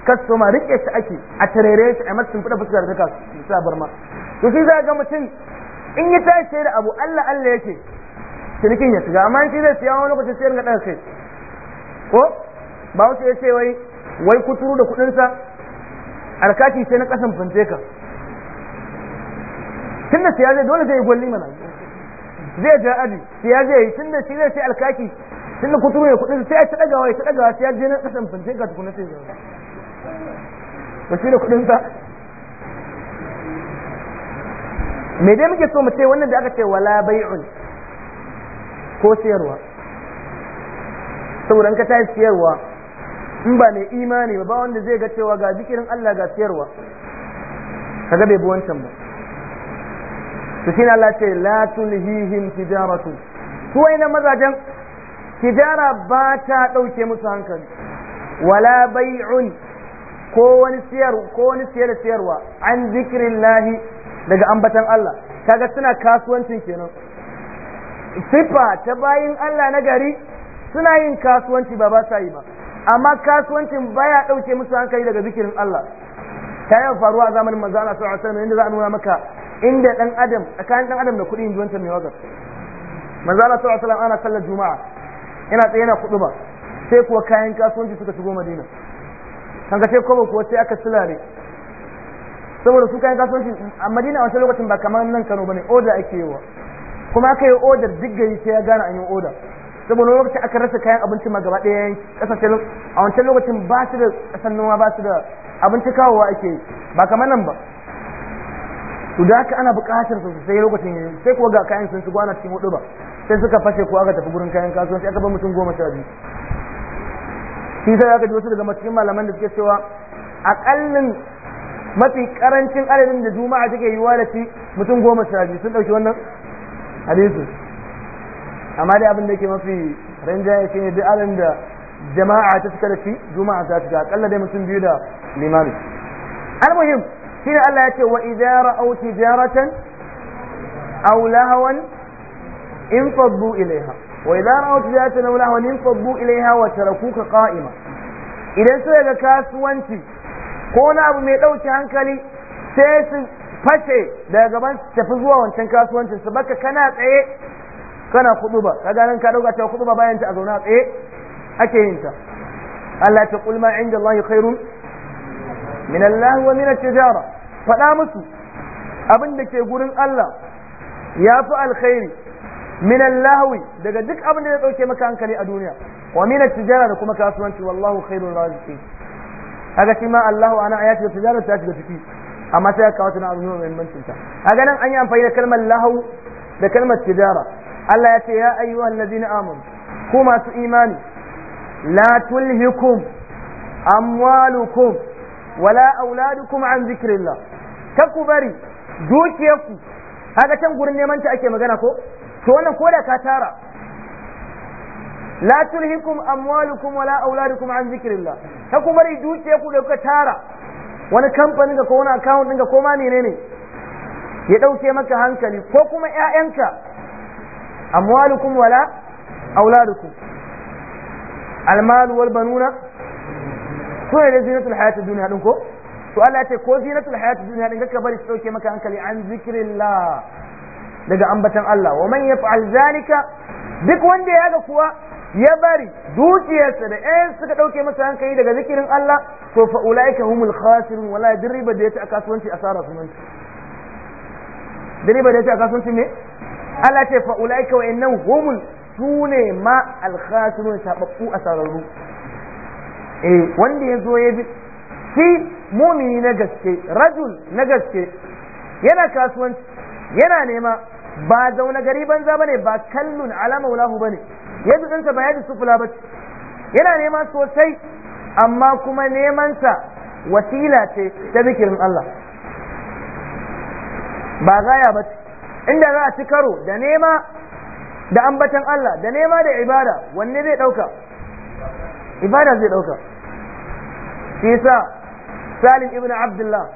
kastoma rike shi ake a tarere shi a matsin fuda fuskar ta sa barma to shi zai ga mutum in ya tashi da abu Allah Allah yake cinikin ya shiga amma shi zai siya wani lokacin sayar ga ɗan kai ko ba wasu ya ce wai wai kuturu da kuɗinsa alkaki sai na ƙasan ka tun da siya zai dole zai yi gwalli mana zai ja aji siya zai yi tun da shi zai sai alkaki tun da kuturu da kuɗinsa sai ya ta ɗagawa ya ta ɗagawa sai ya je na ƙasan fanteka tukuna sai ya ba shi da kudinsa me dai muke so mu ce wannan da aka ce wala bai'un ko siyarwa saboda ka tashi siyarwa in ba mai imani ba wanda zai ga cewa ga zikirin Allah ga siyarwa kaga bai bi wancan ba to shine Allah ce la tulhihim tijaratu su ina mazajen tijara ba ta dauke musu hankali wala bai'un ko wani siyar ko wani siyar siyarwa an zikirin lahi daga ambatan Allah kaga suna kasuwancin kenan sifa ta bayin Allah na gari suna yin kasuwanci ba ba sa yi ba amma kasuwancin baya ɗauke musu hankali daga zikirin Allah ta yi faruwa a zamanin manzo Allah sallallahu alaihi wasallam inda za a nuna maka inda dan adam tsakanin dan adam da kuɗi inji wancan mai wazar manzo Allah sallallahu alaihi wasallam ana sallar juma'a yana tsaye yana ba, sai kuwa kayan kasuwanci suka shigo Madina Kanga sai kobo kuwa sai aka silare saboda su kayan kasuwanci a madina a wancan lokacin ba kamar nan kano bane oda ake yiwa kuma aka yi odar duk gari sai ya gane an yi oda saboda lokacin aka rasa kayan abinci ma gaba ɗaya yanki a wancan lokacin ba su da ƙasar noma ba su da abinci kawowa ake yi ba kamar nan ba to da haka ana buƙatar su sai lokacin yanzu sai kuwa ga kayan sun shigo ana cikin hudu ba sai suka fashe ko aka tafi gurin kayan kasuwanci aka bar mutum goma sha biyu shi sai aka ji wasu daga cikin malaman da suke cewa akallin mafi karancin adadin da juma'a take wa da shi mutum goma sha biyu sun ɗauki wannan hadisi amma dai abin da yake mafi rinjaye shi ne duk adadin da jama'a ta cika da shi juma'a ta cika akalla dai mutum biyu da limami almuhim shi ne Allah ya ce wa idza ra'aw tijaratan aw lahawan in ilaiha Wai wa idza ra'aw tijaratan aw lahwan infaddu ilayha wa tarakuka qa'ima idan suka ga kasuwanci ko na abu mai dauke hankali sai su fashe daga gaban su tafi zuwa wancan kasuwancin su baka kana tsaye kana kuduba kaga nan ka dauka cewa kuduba bayan a zauna tsaye ake yin ta Allah ta kulma inda Allah khairun min Allah wa min tijara faɗa musu abin da ke gurin Allah ya fi alkhairi min lahwi daga duk abin da ya dauke maka hankali a duniya wa min tijara da kuma kasuwanci wallahu khairur raziqin kaga shi ma Allahu ana ayati tijara ta shiga ciki amma sai ka wata abu mai muhimmancin ta kaga nan an yi amfani da kalmar lahau da kalmar tijara Allah ya ce ya ayyuhal ladina amanu ku masu imani la tulhikum amwalukum wala auladukum an zikrillah kar ku bari dukiyarku kaga can gurin neman ta ake magana ko to wannan da ka tara la tulhikum amwalukum wala auladukum an zikrillah ta kuma ri dukiyar ku da kuka tara wani kamfanin ka ko wani account ɗinka ko ma menene ya ɗauke maka hankali ko kuma ƴaƴanka amwalukum wala auladukum almal wal banuna su ne zinatul hayatid duniya din ko to Allah ya ce ko zinatul hayatid duniya din ka bari su ɗauke maka hankali an zikrillah daga ambatan Allah wa man yaf'al zalika duk wanda ya ga kuwa ya bari dukiyarsa da ƴan suka dauke masa hankali daga zikirin Allah to fa ulaika humul khasirun wala dirriba da yace a kasuwanci asara sunan dirriba da yace a kasuwanci ne Allah ce fa ulaika wa innahum humul sune ma al khasirun sababu asararru eh wanda ya zo ya bi shi mumini na gaske rajul na gaske yana kasuwanci yana nema ba zaune gari banza bane ba kallun alama wulahu bane yanzu ɗinsa ba yadda sufula ba yana nema sosai amma kuma nemansa wasila ce ta zikirin Allah ba gaya ba inda za a ci karo da nema da ambatan Allah da nema da ibada wanne zai ɗauka ibada zai ɗauka shi yasa salim ibn abdullah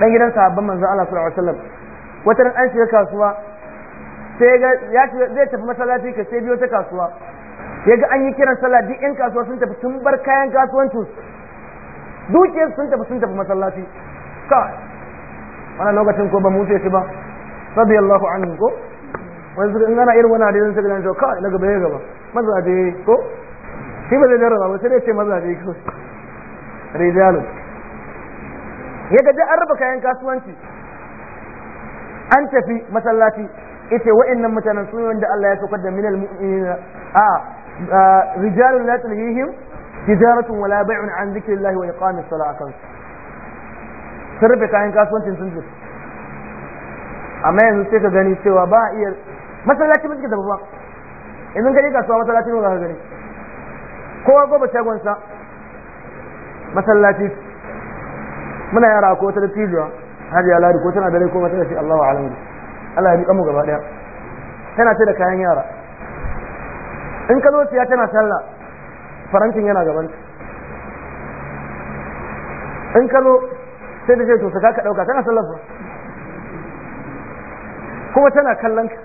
dan gidan sahabban manzon Allah sallallahu alaihi wasallam wata an shiga kasuwa sai ga ya zai tafi masallaci ka sai biyo ta kasuwa ya ga an yi kiran sallah duk yan kasuwa sun tafi sun bar kayan kasuwancin dukiyar sun tafi sun tafi masallaci kawai wani lokacin ko ba mu wuce shi ba sabbi Allahu anhu ko wani su in ana irin wani hadisin sai ganin kawai na gaba ya gaba mazaje ko shi ba zai dara ba sai dai ce mazaje ko rijalu ya ga an raba kayan kasuwanci an tafi masallaci ita wa'annan mutanen su wanda Allah ya saukar da minal mu'minina a rijalun la tulhihim tijaratun wala bai'un an zikrillahi wa iqamis salaa kan sun rufe kayan kasuwancin sun rufe amma yanzu sai ka gani cewa ba iya masallaci ba suke tafi ba yanzu ka je kasuwa masallaci ne ba ka gani kowa gobe shagonsa masallaci muna yara ko ta da tijuwa hajji alari ko tana dare ko mata da shi Allahu alamu Allah ya bi mu gaba ɗaya tana ce da kayan yara in ka zo siya tana sallah farantin yana gaban in ka zo sai da ce to saka ka ɗauka tana sallah fa kuma tana kallon ka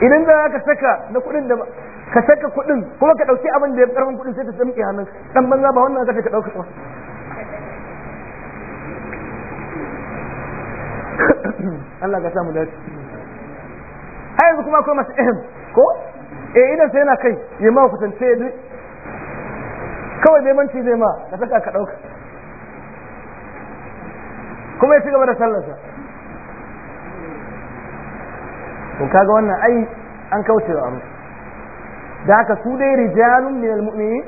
idan za ka saka na kuɗin da ka saka kuɗin kuma ka ɗauki abin da ya fi ƙarfin kuɗin sai ta tsamke hannun ɗan banza ba wannan za ka ɗauka ba Allah ga samu dace har yanzu kuma akwai masu ihim, ko eh idan sai yana kai ya ma kusance ya kawai zai manci zai ma da saka ka ɗauka kuma ya ci gaba da sallarsa to kaga wannan ai an kauce wa amsa da haka su dai rijalun min almu'minin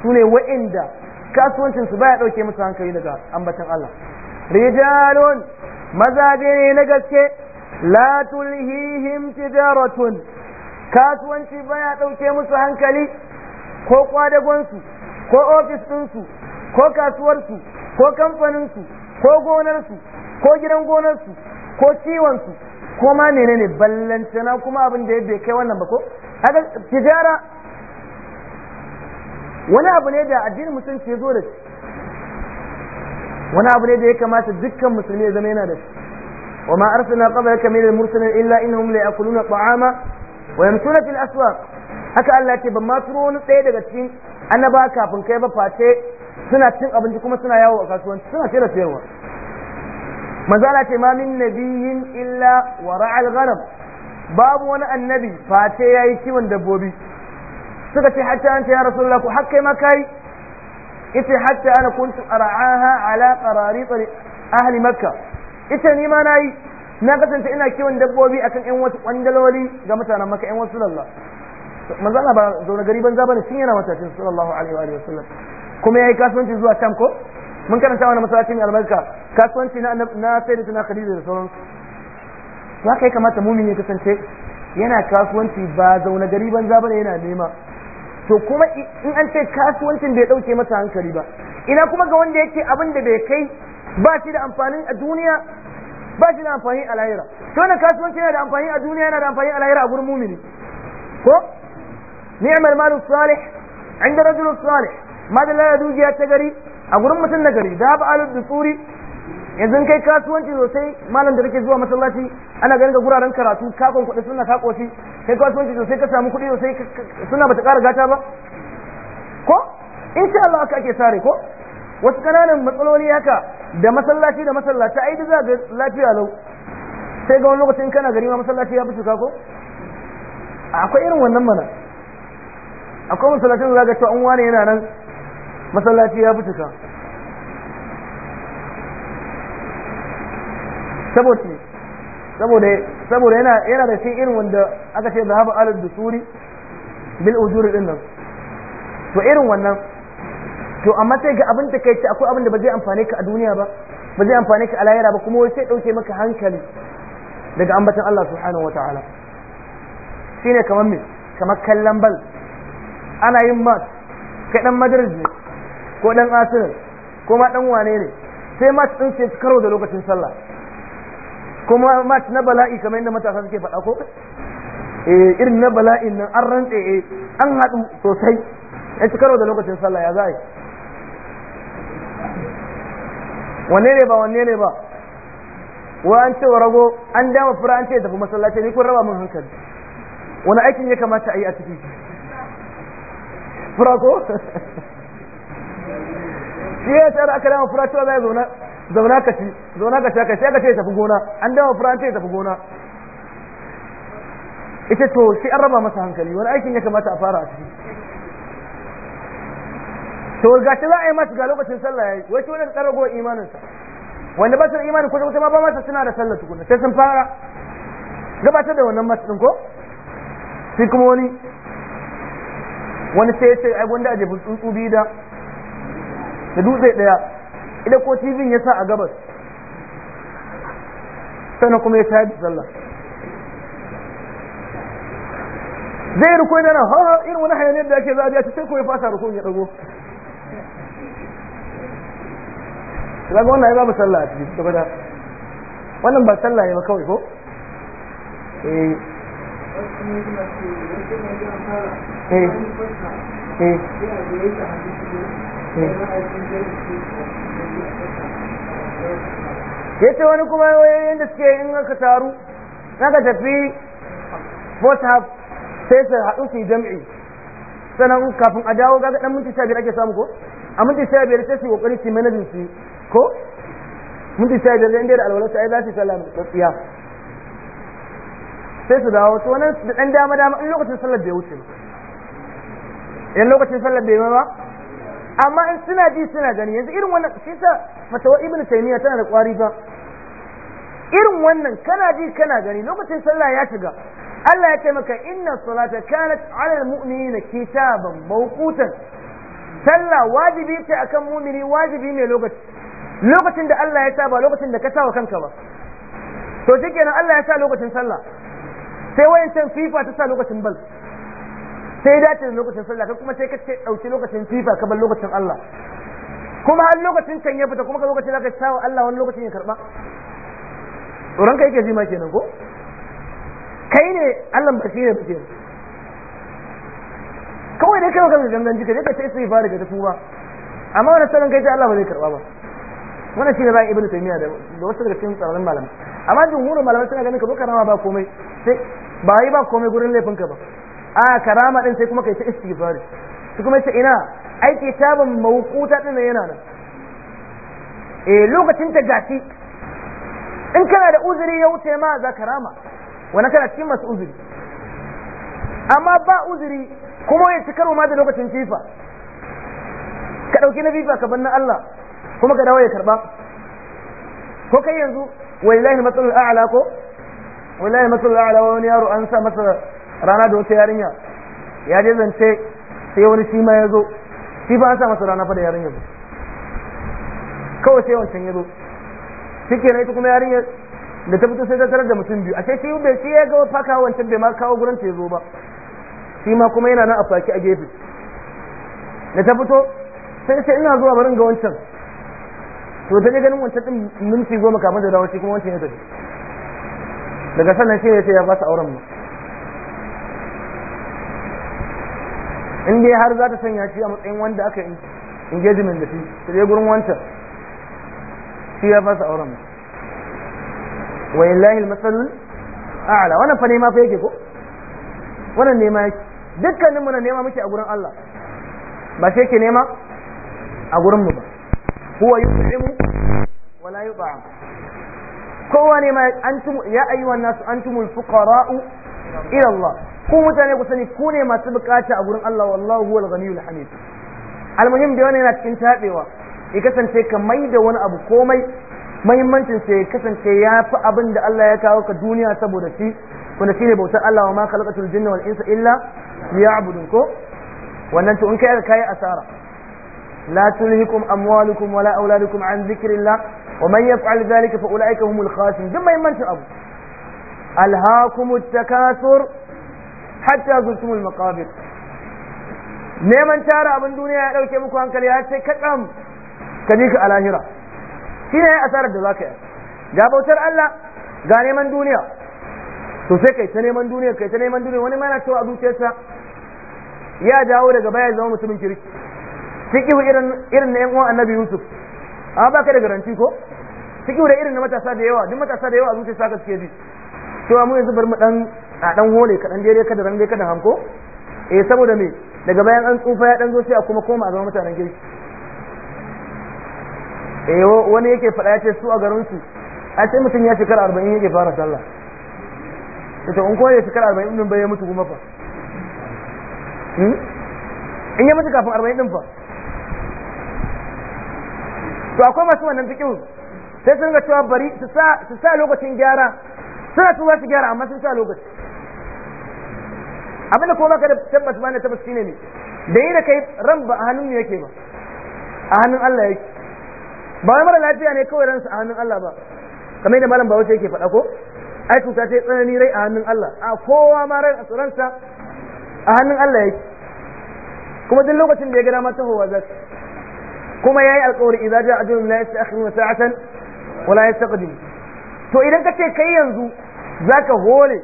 su ne wa'inda kasuwancin su baya dauke musu hankali daga ambatan Allah rijalun mazaje ne na gaske la tulhihim tijaratun kasuwanci baya dauke musu hankali ko kwadagonsu ko ofis ɗinsu ko kasuwarsu ko kamfaninsu ko gonarsu ko gidan gonarsu ko ciwonsu ko ma menene na kuma abin da ya kai wannan ba ko tijara wani abu ne da addinin musunci ya zo da shi wani abu ne da ya kamata dukkan musulmi ya zama yana da shi wa ma arsalna qablaka min al-mursalin illa innahum la yakuluna ta'ama wa yamshuna fil aswaq haka Allah ce ban ma turo wani ɗaya daga cikin annaba kafin kai ba face suna cin abinci kuma suna yawo a kasuwanci suna sayar da sayarwa manzo Allah ce ma min nabiyyin illa wara'a al-ghanam babu wani annabi face yayi kiwon dabbobi suka ce hatta anta ya rasulullah ku hakkai ma kai yace hatta ana kuntu ar'aha ala qararit ahli makka ita ni ma nayi na kasance ina kiwon dabbobi akan yan wasu kwandaloli ga mutanen makka yan wasu lalla manzo Allah ba zaune gari banza bane shin yana matacin sallallahu alaihi wa sallam kuma yayi kasuwanci zuwa Sham ko mun karanta wannan masallacin albarka kasuwanci na na sayyidatuna Khadija da sauransu to haka ya kamata mumin ya kasance yana kasuwanci ba zaune gari banza bane yana nema to kuma in an ce kasuwancin bai dauke masa hankali ba ina kuma ga wanda yake abin da bai kai ba shi da amfani a duniya ba shi da amfani a lahira to na kasuwanci yana da amfani a duniya yana da amfani a lahira a gurin mumini ko ni'mal malu salih inda rajul salih madalla dujiya ta gari a gurin mutum na gari da ba alu dusuri yanzu kai kasuwanci sosai malam da kake zuwa masallaci ana ganin ka guraren karatu ka kon kuɗi suna ka koshi kai kasuwanci sosai ka samu kuɗi sosai suna bata ƙara gata ba ko insha Allah aka ake sare ko wasu kananan matsaloli haka da masallaci da masallaci ai da za ga lafiya lau sai ga wani lokacin kana gari ma masallaci ya fi ko akwai irin wannan mana akwai masallacin da za ga cewa an wani yana nan masallaci ya fi saboda saboda saboda yana yana da shi irin wanda aka ce zahaba alal dusuri bil ujuri din nan to irin wannan to amma sai ga abin takeici akwai abin da ba zai amfane ka a duniya ba ba zai amfane ka a lahira ba kuma wai sai dauke maka hankali daga ambatan Allah subhanahu wataala shine kamar me kamar kallon bal ana yin mas kai dan madrid ne ko dan arsenal ko ma dan wane ne sai mas din sai karo da lokacin sallah kuma mat na bala'i kamar yadda matasa suke faɗa ko eh irin na bala'in nan an rantse eh an haɗu sosai ya ci karo da lokacin sallah ya za yi wanne ne ba wanne ne ba wa an ce wa rago an dama fura an ce tafi masallaci ni kun raba min hankali wani aikin ya kamata a yi a ciki fura ko shi ya tsara aka dama fura cewa za ya zauna zauna ka ci zauna ka sha ka sai ka ce ya tafi gona an dawo fura an ce ya tafi gona ita to sai an raba masa hankali wani aikin ya kamata a fara a ciki to ga shi za a yi masu ga lokacin sallah ya yi wasu wani ka rago imaninsa wanda ba su da imanin kusa kusa ma ba masa suna da sallah tukuna sai sun fara gabatar da wannan masu ko sai kuma wani wani sai ya ce ai wanda aje tsuntsu biyu da dutse daya ida ko tv ya sa a gabas sannan kuma ya tayar da sallah zai ruku yana nan ha irin wani hayaniyar da ake zaɓi a sai ko ya fasa ruku ya ɗago zaga wannan ya babu sallah a ciki gaba da wannan ba sallah ya ba kawai ko eh eh eh ya ce wani kuma yoyin da suke in aka taru ka tafi port hub sai su haɗu su yi jam'i sannan kafin a dawo gaga ɗan minti sha biyar ake samu ko a minti sha biyar sai su yi ƙoƙari su manajin su ko minti sha biyar zai da alwalar su ai za su yi sallah da tsatsiya sai su dawo su wani da ɗan dama dama in lokacin sallar bai wuce ba in lokacin sallar bai ba amma in suna ji suna gani yanzu irin wannan shi sa fatawa ibnu taymiya tana da kwari ba irin wannan kana ji kana gani lokacin sallah ya shiga Allah ya ce maka inna salata kanat ala almu'minina kitaban mawqutan sallah wajibi ce akan mu'mini wajibi ne lokaci lokacin da Allah ya sa ba lokacin da ka sa wa kanka ba to shikenan Allah ya sa lokacin sallah sai wayancan fifa ta sa lokacin bal sai dace da lokacin sallah kai kuma sai ka ce dauki lokacin fifa ka bar lokacin Allah kuma har lokacin can ya fita kuma ka lokacin zaka sawo Allah wani lokacin ya karba tsoron ka yake ji ma kenan ko kai ne Allah ba shi ne ba kawai dai kai ka gangan jika dai ka sai sai fara ka ba, amma wannan sallan kai sai Allah ba zai karba ba wannan shine ra'ayin ibnu taymiya da wasu daga cikin tsaron malamai amma jumhurin malamai suna ganin ka baka rama ba komai sai ba yi ba komai gurin laifin ba a karama din sai kuma kai ta istighfar su kuma ce ina ai kitabun mawquta din yana nan eh lokacin ta gashi in kana da uzuri ya wuce ma za karama wani kana cikin masu uzuri amma ba uzuri kuma ya ci karo ma da lokacin fifa ka ɗauki na fifa ka na Allah kuma ka dawo ya karɓa ko kai yanzu wallahi matsalul a'la ko wallahi matsalul a'la wani yaro an sa masa rana da wata yarinya ya je zance sai wani shi ma ya zo shi ba an sa masa rana fa da yarinya ba kawai sai wancan ya zo shi ke ita kuma yarinya da ta fito sai ta tarar da mutum biyu ashe shi bai shi ya ga faka wancan bai ma kawo gurin ta ya zo ba shi ma kuma yana nan a faki a gefe da ta fito sai sai ina zuwa barin ga wancan to ta je ganin wancan din minti goma kafin da dawo shi kuma wancan ya tafi daga sannan shi ya ce ya ba su auren mu in dai har za ta sanya shi a matsayin wanda aka engagement da shi sai dai gurin wancan shi ya fasa auren wa illahi al-masal a'la wannan fa nema fa yake ko wannan nema yake dukkanin mu na nema muke a gurin Allah ba shi yake nema a gurin mu ba huwa yut'imu wa la yut'am kowa ne ma antum ya ayyuhan nasu antumul fuqara'u ila Allah ku mutane ku sani ku ne masu bukata a gurin Allah wallahu huwal ghaniyul hamid almuhim da wani yana cikin tabewa ya kasance ka mai da wani abu komai mahimmancin sa ya kasance ya fi abin da Allah ya kawo ka duniya saboda shi wanda shine bautar Allah wa ma khalaqatul jinna wal insa illa liya'budun ko wannan to in kai ka kai asara la tulhikum amwalukum wala auladukum an dhikrillah wa man yaf'al dhalika fa ulaika humul khasirun duk mahimmancin abu alhakumut takasur hatta zurtumul maqabir neman tara abin duniya ya dauke muku hankali ya ce katsam ka ji ka a lahira shi ne asarar da za ka yi ga bautar Allah ga neman duniya to sai kai ta neman duniya kai ta neman duniya wani mana cewa a zuciyarsa ya dawo daga baya zama mutumin kirki cikin irin irin na yan uwan annabi Yusuf amma baka da garanti ko cikin irin na matasa da yawa duk matasa da yawa a zuciyarsa ka suke ji cewa mu yanzu bari mu dan a dan hole ka dan daidai ka da ran dai ka da hanko eh saboda me daga bayan an tsufa ya dan zo sai a kuma koma a zama mutanen girki eh wani yake faɗa ya ce su a garin su a ce mutum ya shekara arba'in yake fara sallah ita in kowa ya shekara arba'in din bai ya mutu kuma fa hmm? in ya mutu kafin arba'in din fa to akwai masu wannan fikin sai sun ga cewa bari su sa lokacin gyara suna tuba su gyara amma sun sa lokaci abin da kuma ka da tabbata ba na tabbas shi ne da yi da kai ran ba a hannun ne yake ba a hannun Allah yake ba wai mara lafiya ne kawai ransa a hannun Allah ba kamar da malam bawace yake faɗa ko ai cuta ce tsanani rai a hannun Allah a kowa ma rai ransa a hannun Allah yake kuma duk lokacin da ya gada mata hawa za kuma yayi alƙawari idza ja'a ajalun la yasta'khiruna sa'atan wa la yastaqdimu to idan ka ce kai yanzu za ka hore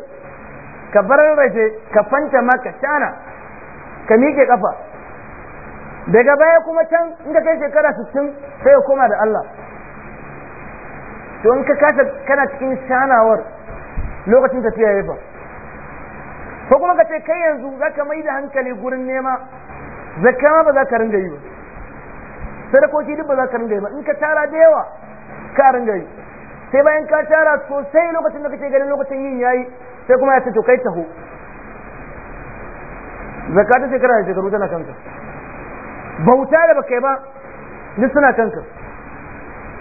ka bararraje ka fanta ma ka shana ka miƙe ƙafa daga baya kuma can in ka kai shekara sittin sai ya koma da Allah to in ka kasa kana cikin shanawar lokacin tafiya ya fa ko kuma ka ce kai yanzu za ka mai da hankali gurin nema zakka ma ba za ka ringa yi ba sadakoki duk ba za ka ringa yi ba in ka tara da yawa ka ringa yi sai bayan ka tara sosai lokacin da kake ganin lokacin yin yayi sai kuma ya ce to kai taho Zakata ta shekara da shekaru tana kanka bauta da baka yi ba duk suna kanka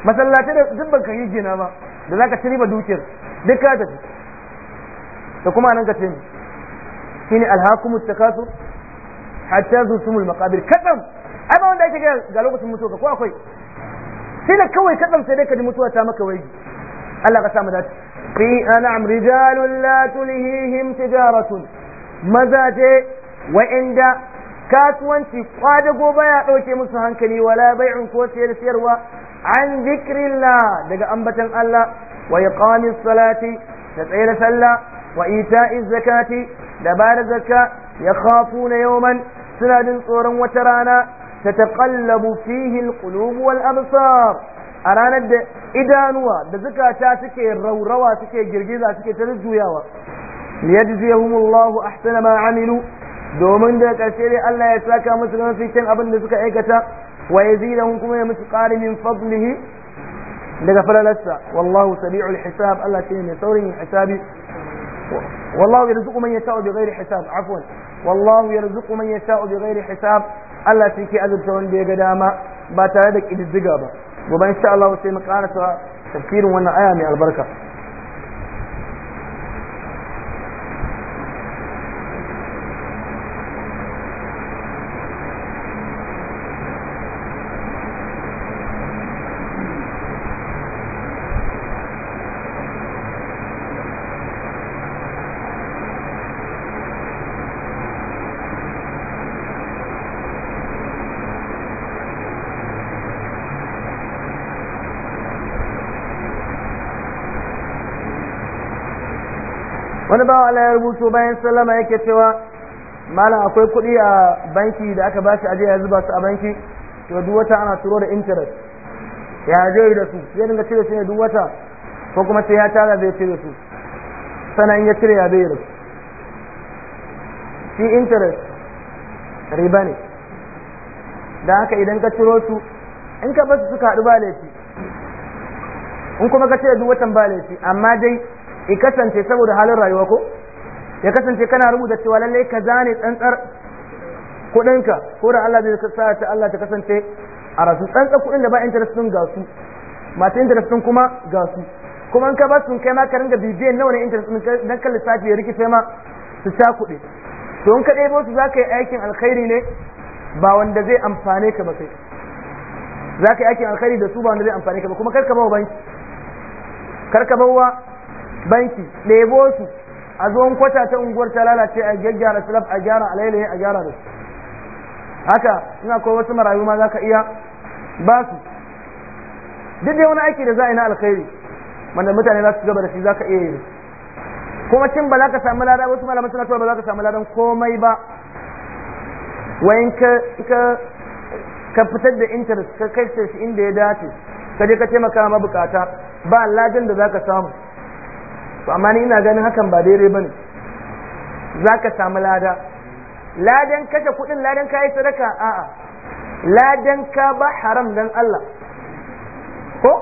masallatai da duk baka yi gina ba da zaka ci ba dukiyar duk ka tafi da kuma nan ka ce ni shine alhakumut takasur hatta zurtumul maqabir kadam ai ba wanda yake ga lokacin mutuwa ko akwai sai da kawai ka sai dai ka ji mutuwa ta maka waigi Allah ka samu dace fi an'am rijalun la tulhihim tijaratun mazaje wa'inda kasuwanci gobe baya dauke musu hankali wala bai'un ko sayar sayarwa an zikrillah daga ambatan Allah wa iqamis salati da tsayar sallah wa ita'iz zakati da bada zakka na yawman suna jin tsoron wata rana ta fihi alqulub wal absar a ranar da idanuwa da zukata suke raurawa suke girgiza suke ta juyawa liyajziyahumullahu ahsana ma amilu domin da karshe dai Allah ya saka musu mafi kyan abin da suka aikata wa yazidahum kuma ya musu qari min fadlihi daga falalarsa wallahu sari'ul hisab Allah shine mai saurin hisabi wallahu yarzuqu man yasha'u bighairi hisab afwan wallahu yarzuqu man yasha'u bighairi hisab Allah shi ke azurta wanda ya ga dama ba tare da kididdiga ba وبان شاء الله وسيم قرانتها تفكير وانا ايامي البركه wani bawa Allah ya rubuto bayan sallama yake cewa malam akwai kuɗi a banki da aka ba aje ya zuba su a banki to duk wata ana turo da interest ya je da su ya dinga cire su ne duk wata ko kuma sai ya tara zai cire su sannan ya cire ya bai da su shi interest riba ne da haka idan ka ciro su in ka basu suka haɗu ba laifi in kuma ka cire duk watan ba laifi amma dai ya kasance saboda halin rayuwa ko ya kasance kana rubuta cewa lallai ka zane tsantsar kuɗinka ko da Allah zai sa ta Allah ta kasance a rasu tsantsar kuɗin da ba interest din ga su masu interest din kuma ga su kuma in ka ba su kai ma ka ringa bibiyan nawa ne interest din dan kan lissafi ya rikice ma su ta kuɗi to in ka ɗebo su za ka yi aikin alkhairi ne ba wanda zai amfane ka ba kai za ka yi aikin alkhairi da su ba wanda zai amfane ka ba kuma ka bawa banki ka bawa banki ɗebo su a zo kwata ta unguwar ta lalace a gyaggyara slab a gyara alaylaye a gyara da su haka ina akwai wasu marayu ma za ka iya ba su duk da wani aiki da za a yi na alkhairi wanda mutane za su gaba da shi za ka iya yi kuma cin ba za ka samu lada wasu malamai suna cewa ba za ka samu ladan komai ba wayan ka ka fitar da interest ka kai shi inda ya dace ka je ka taimaka ma bukata ba ladan da za ka samu to amma ni ina ganin hakan ba daidai bane zaka samu lada ladan kashe kudin ladan kai sadaka a'a ladan ka ba haram dan Allah ko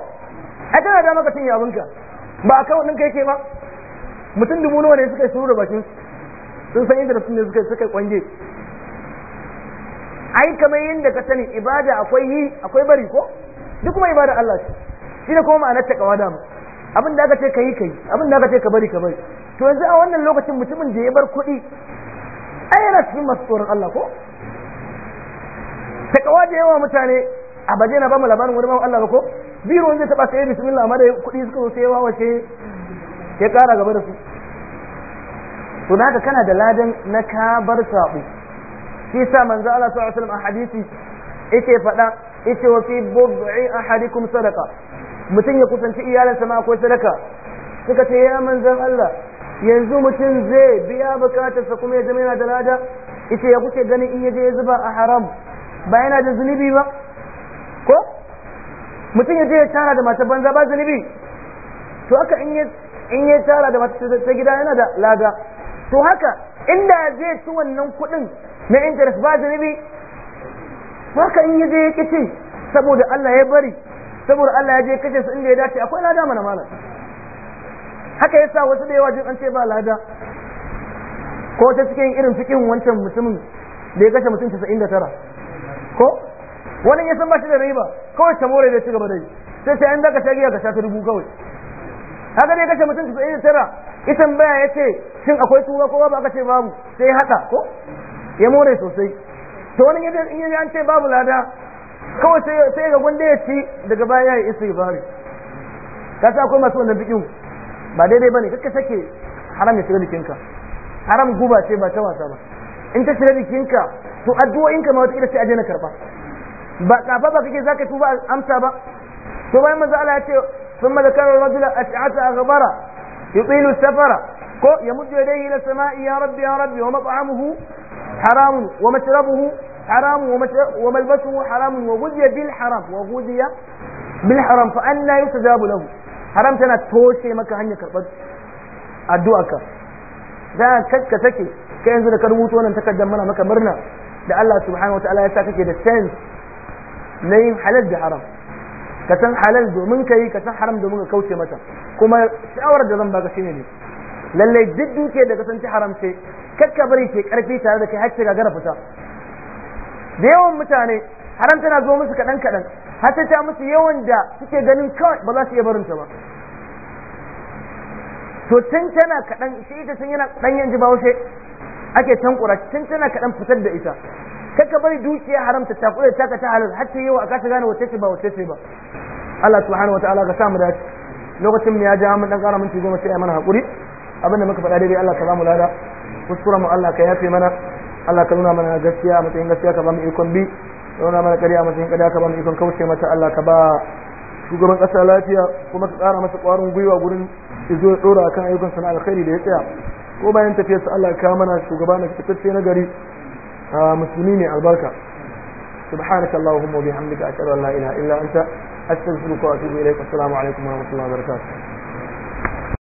a tana da maka cinye abinka ba akawun kai ke ba mutum dubu nawa ne suka yi shuru da bakin sun san inda sun ne suka suka kwange ai kamar yadda ka sani ibada akwai yi akwai bari ko duk kuma ibada Allah ce shi ne kuma ma'anar ta kawada mu abin da aka ce ka yi ka yi abin da aka ce ka bari ka bari to yanzu a wannan lokacin mutumin da ya bar kuɗi ai yana cikin masu tsoron Allah ko ta kawa da yawa mutane a baje na ba mu labarin wani bawan Allah ko biro zai taba sai bismillah amma da kuɗi suka zo sai yawa wace ya kara gaba da su to naka kana da ladan na ka bar sabo shi sa manzo Allah sallallahu alaihi wasallam a hadisi yake faɗa yace wa fi bud'i ahadikum sadaqa mutum ya kusanci iyalinsa ma akwai sadaka suka ce ya manzan Allah yanzu mutum zai biya bukatarsa kuma ya zama yana da lada ita ya kuke ganin in yaje ya zuba a haram ba yana da zunubi ba ko mutum ya je ya tara da mata banza ba zunubi to haka in ya tara da mata ta gida yana da lada to haka inda zai ci wannan kuɗin na interest ba zunubi haka in ya je ya kici saboda Allah ya bari saboda Allah ya je kashe su inda ya dace akwai lada mana malam haka yasa wasu da yawa jin an ce ba lada ko ta cikin irin cikin wancan mutumin da ya kashe mutum 99 ko wani ya san ba shi da riba kawai ta more da ci gaba da yi sai sai an daga ta giya ka sha ta dubu kawai haka ne kashe mutum 99 isan baya ya ce shin akwai tura ko ba aka ce babu sai haka ko ya more sosai to wani ya an ce babu lada kawai sai sai ga gwanda ya ci daga baya ya isa istighfari ka sa akwai masu wannan bikin ba daidai bane kakka sake haram ya shiga jikinka haram guba ce ba ta wasa ba in ta shiga jikinka to addu'o'inka ma wata ita sai aje na karba ba kafa ba kake zaka tuba amsa ba to bayan manzo Allah ya ce thumma zakara rajula at'ata aghbara yutilu safara ko yamuddu yadayhi ila samai ya rabbi ya rabbi wa mat'amuhu haramun wa mashrabuhu حرام وملبسه حرام وغذي بالحرام وغذي بالحرام فأنا يستجاب له حرام تنا توشي مكا هنيا كربت addu'arka da kakka take kai yanzu da ka rubuto wannan takardar mana maka murna da Allah subhanahu kake da sense na yin halal da haram ka san haram domin ka kauce mata kuma shawar da zan baka shine ne lalle duk duke da haram bari karfi tare da kai da yawan mutane haramta na zo musu kaɗan kaɗan har ta ta musu yawan da suke ganin kawai ba za su iya barin ta ba to tun tana kaɗan shi ita sun yana ɗan yanji ba wuce ake tankura tun tana kaɗan fitar da ita kaka bari dukiya haramta ta kuɗe ta ka ta halal har ta yawa a kasa gane wace ce ba wace ce ba Allah subhanahu wataala ka samu mu dace lokacin mu ya ja mun dan ƙara minti goma sai mana hakuri abinda muka faɗa daidai Allah ka ba mu lada kuskuren mu Allah ka yafe mana Allah ka nuna mana gaskiya a matsayin gaskiya ka ba mu ikon bi ka nuna mana ƙarya a matsayin ƙarya ka ba mu ikon kauce mata Allah ka ba shugaban ƙasa lafiya kuma ka ƙara masa ƙwarin gwiwa gurin izo ya ɗora kan ayyukan sana alkhairi da ya tsaya ko bayan tafiyar su Allah ka mana shugaba na fitacce na gari musulmi ne albarka سبحانك اللهم وبحمدك أشهد أن لا إله إلا أنت أستغفرك وأتوب إليك السلام عليكم ورحمة الله وبركاته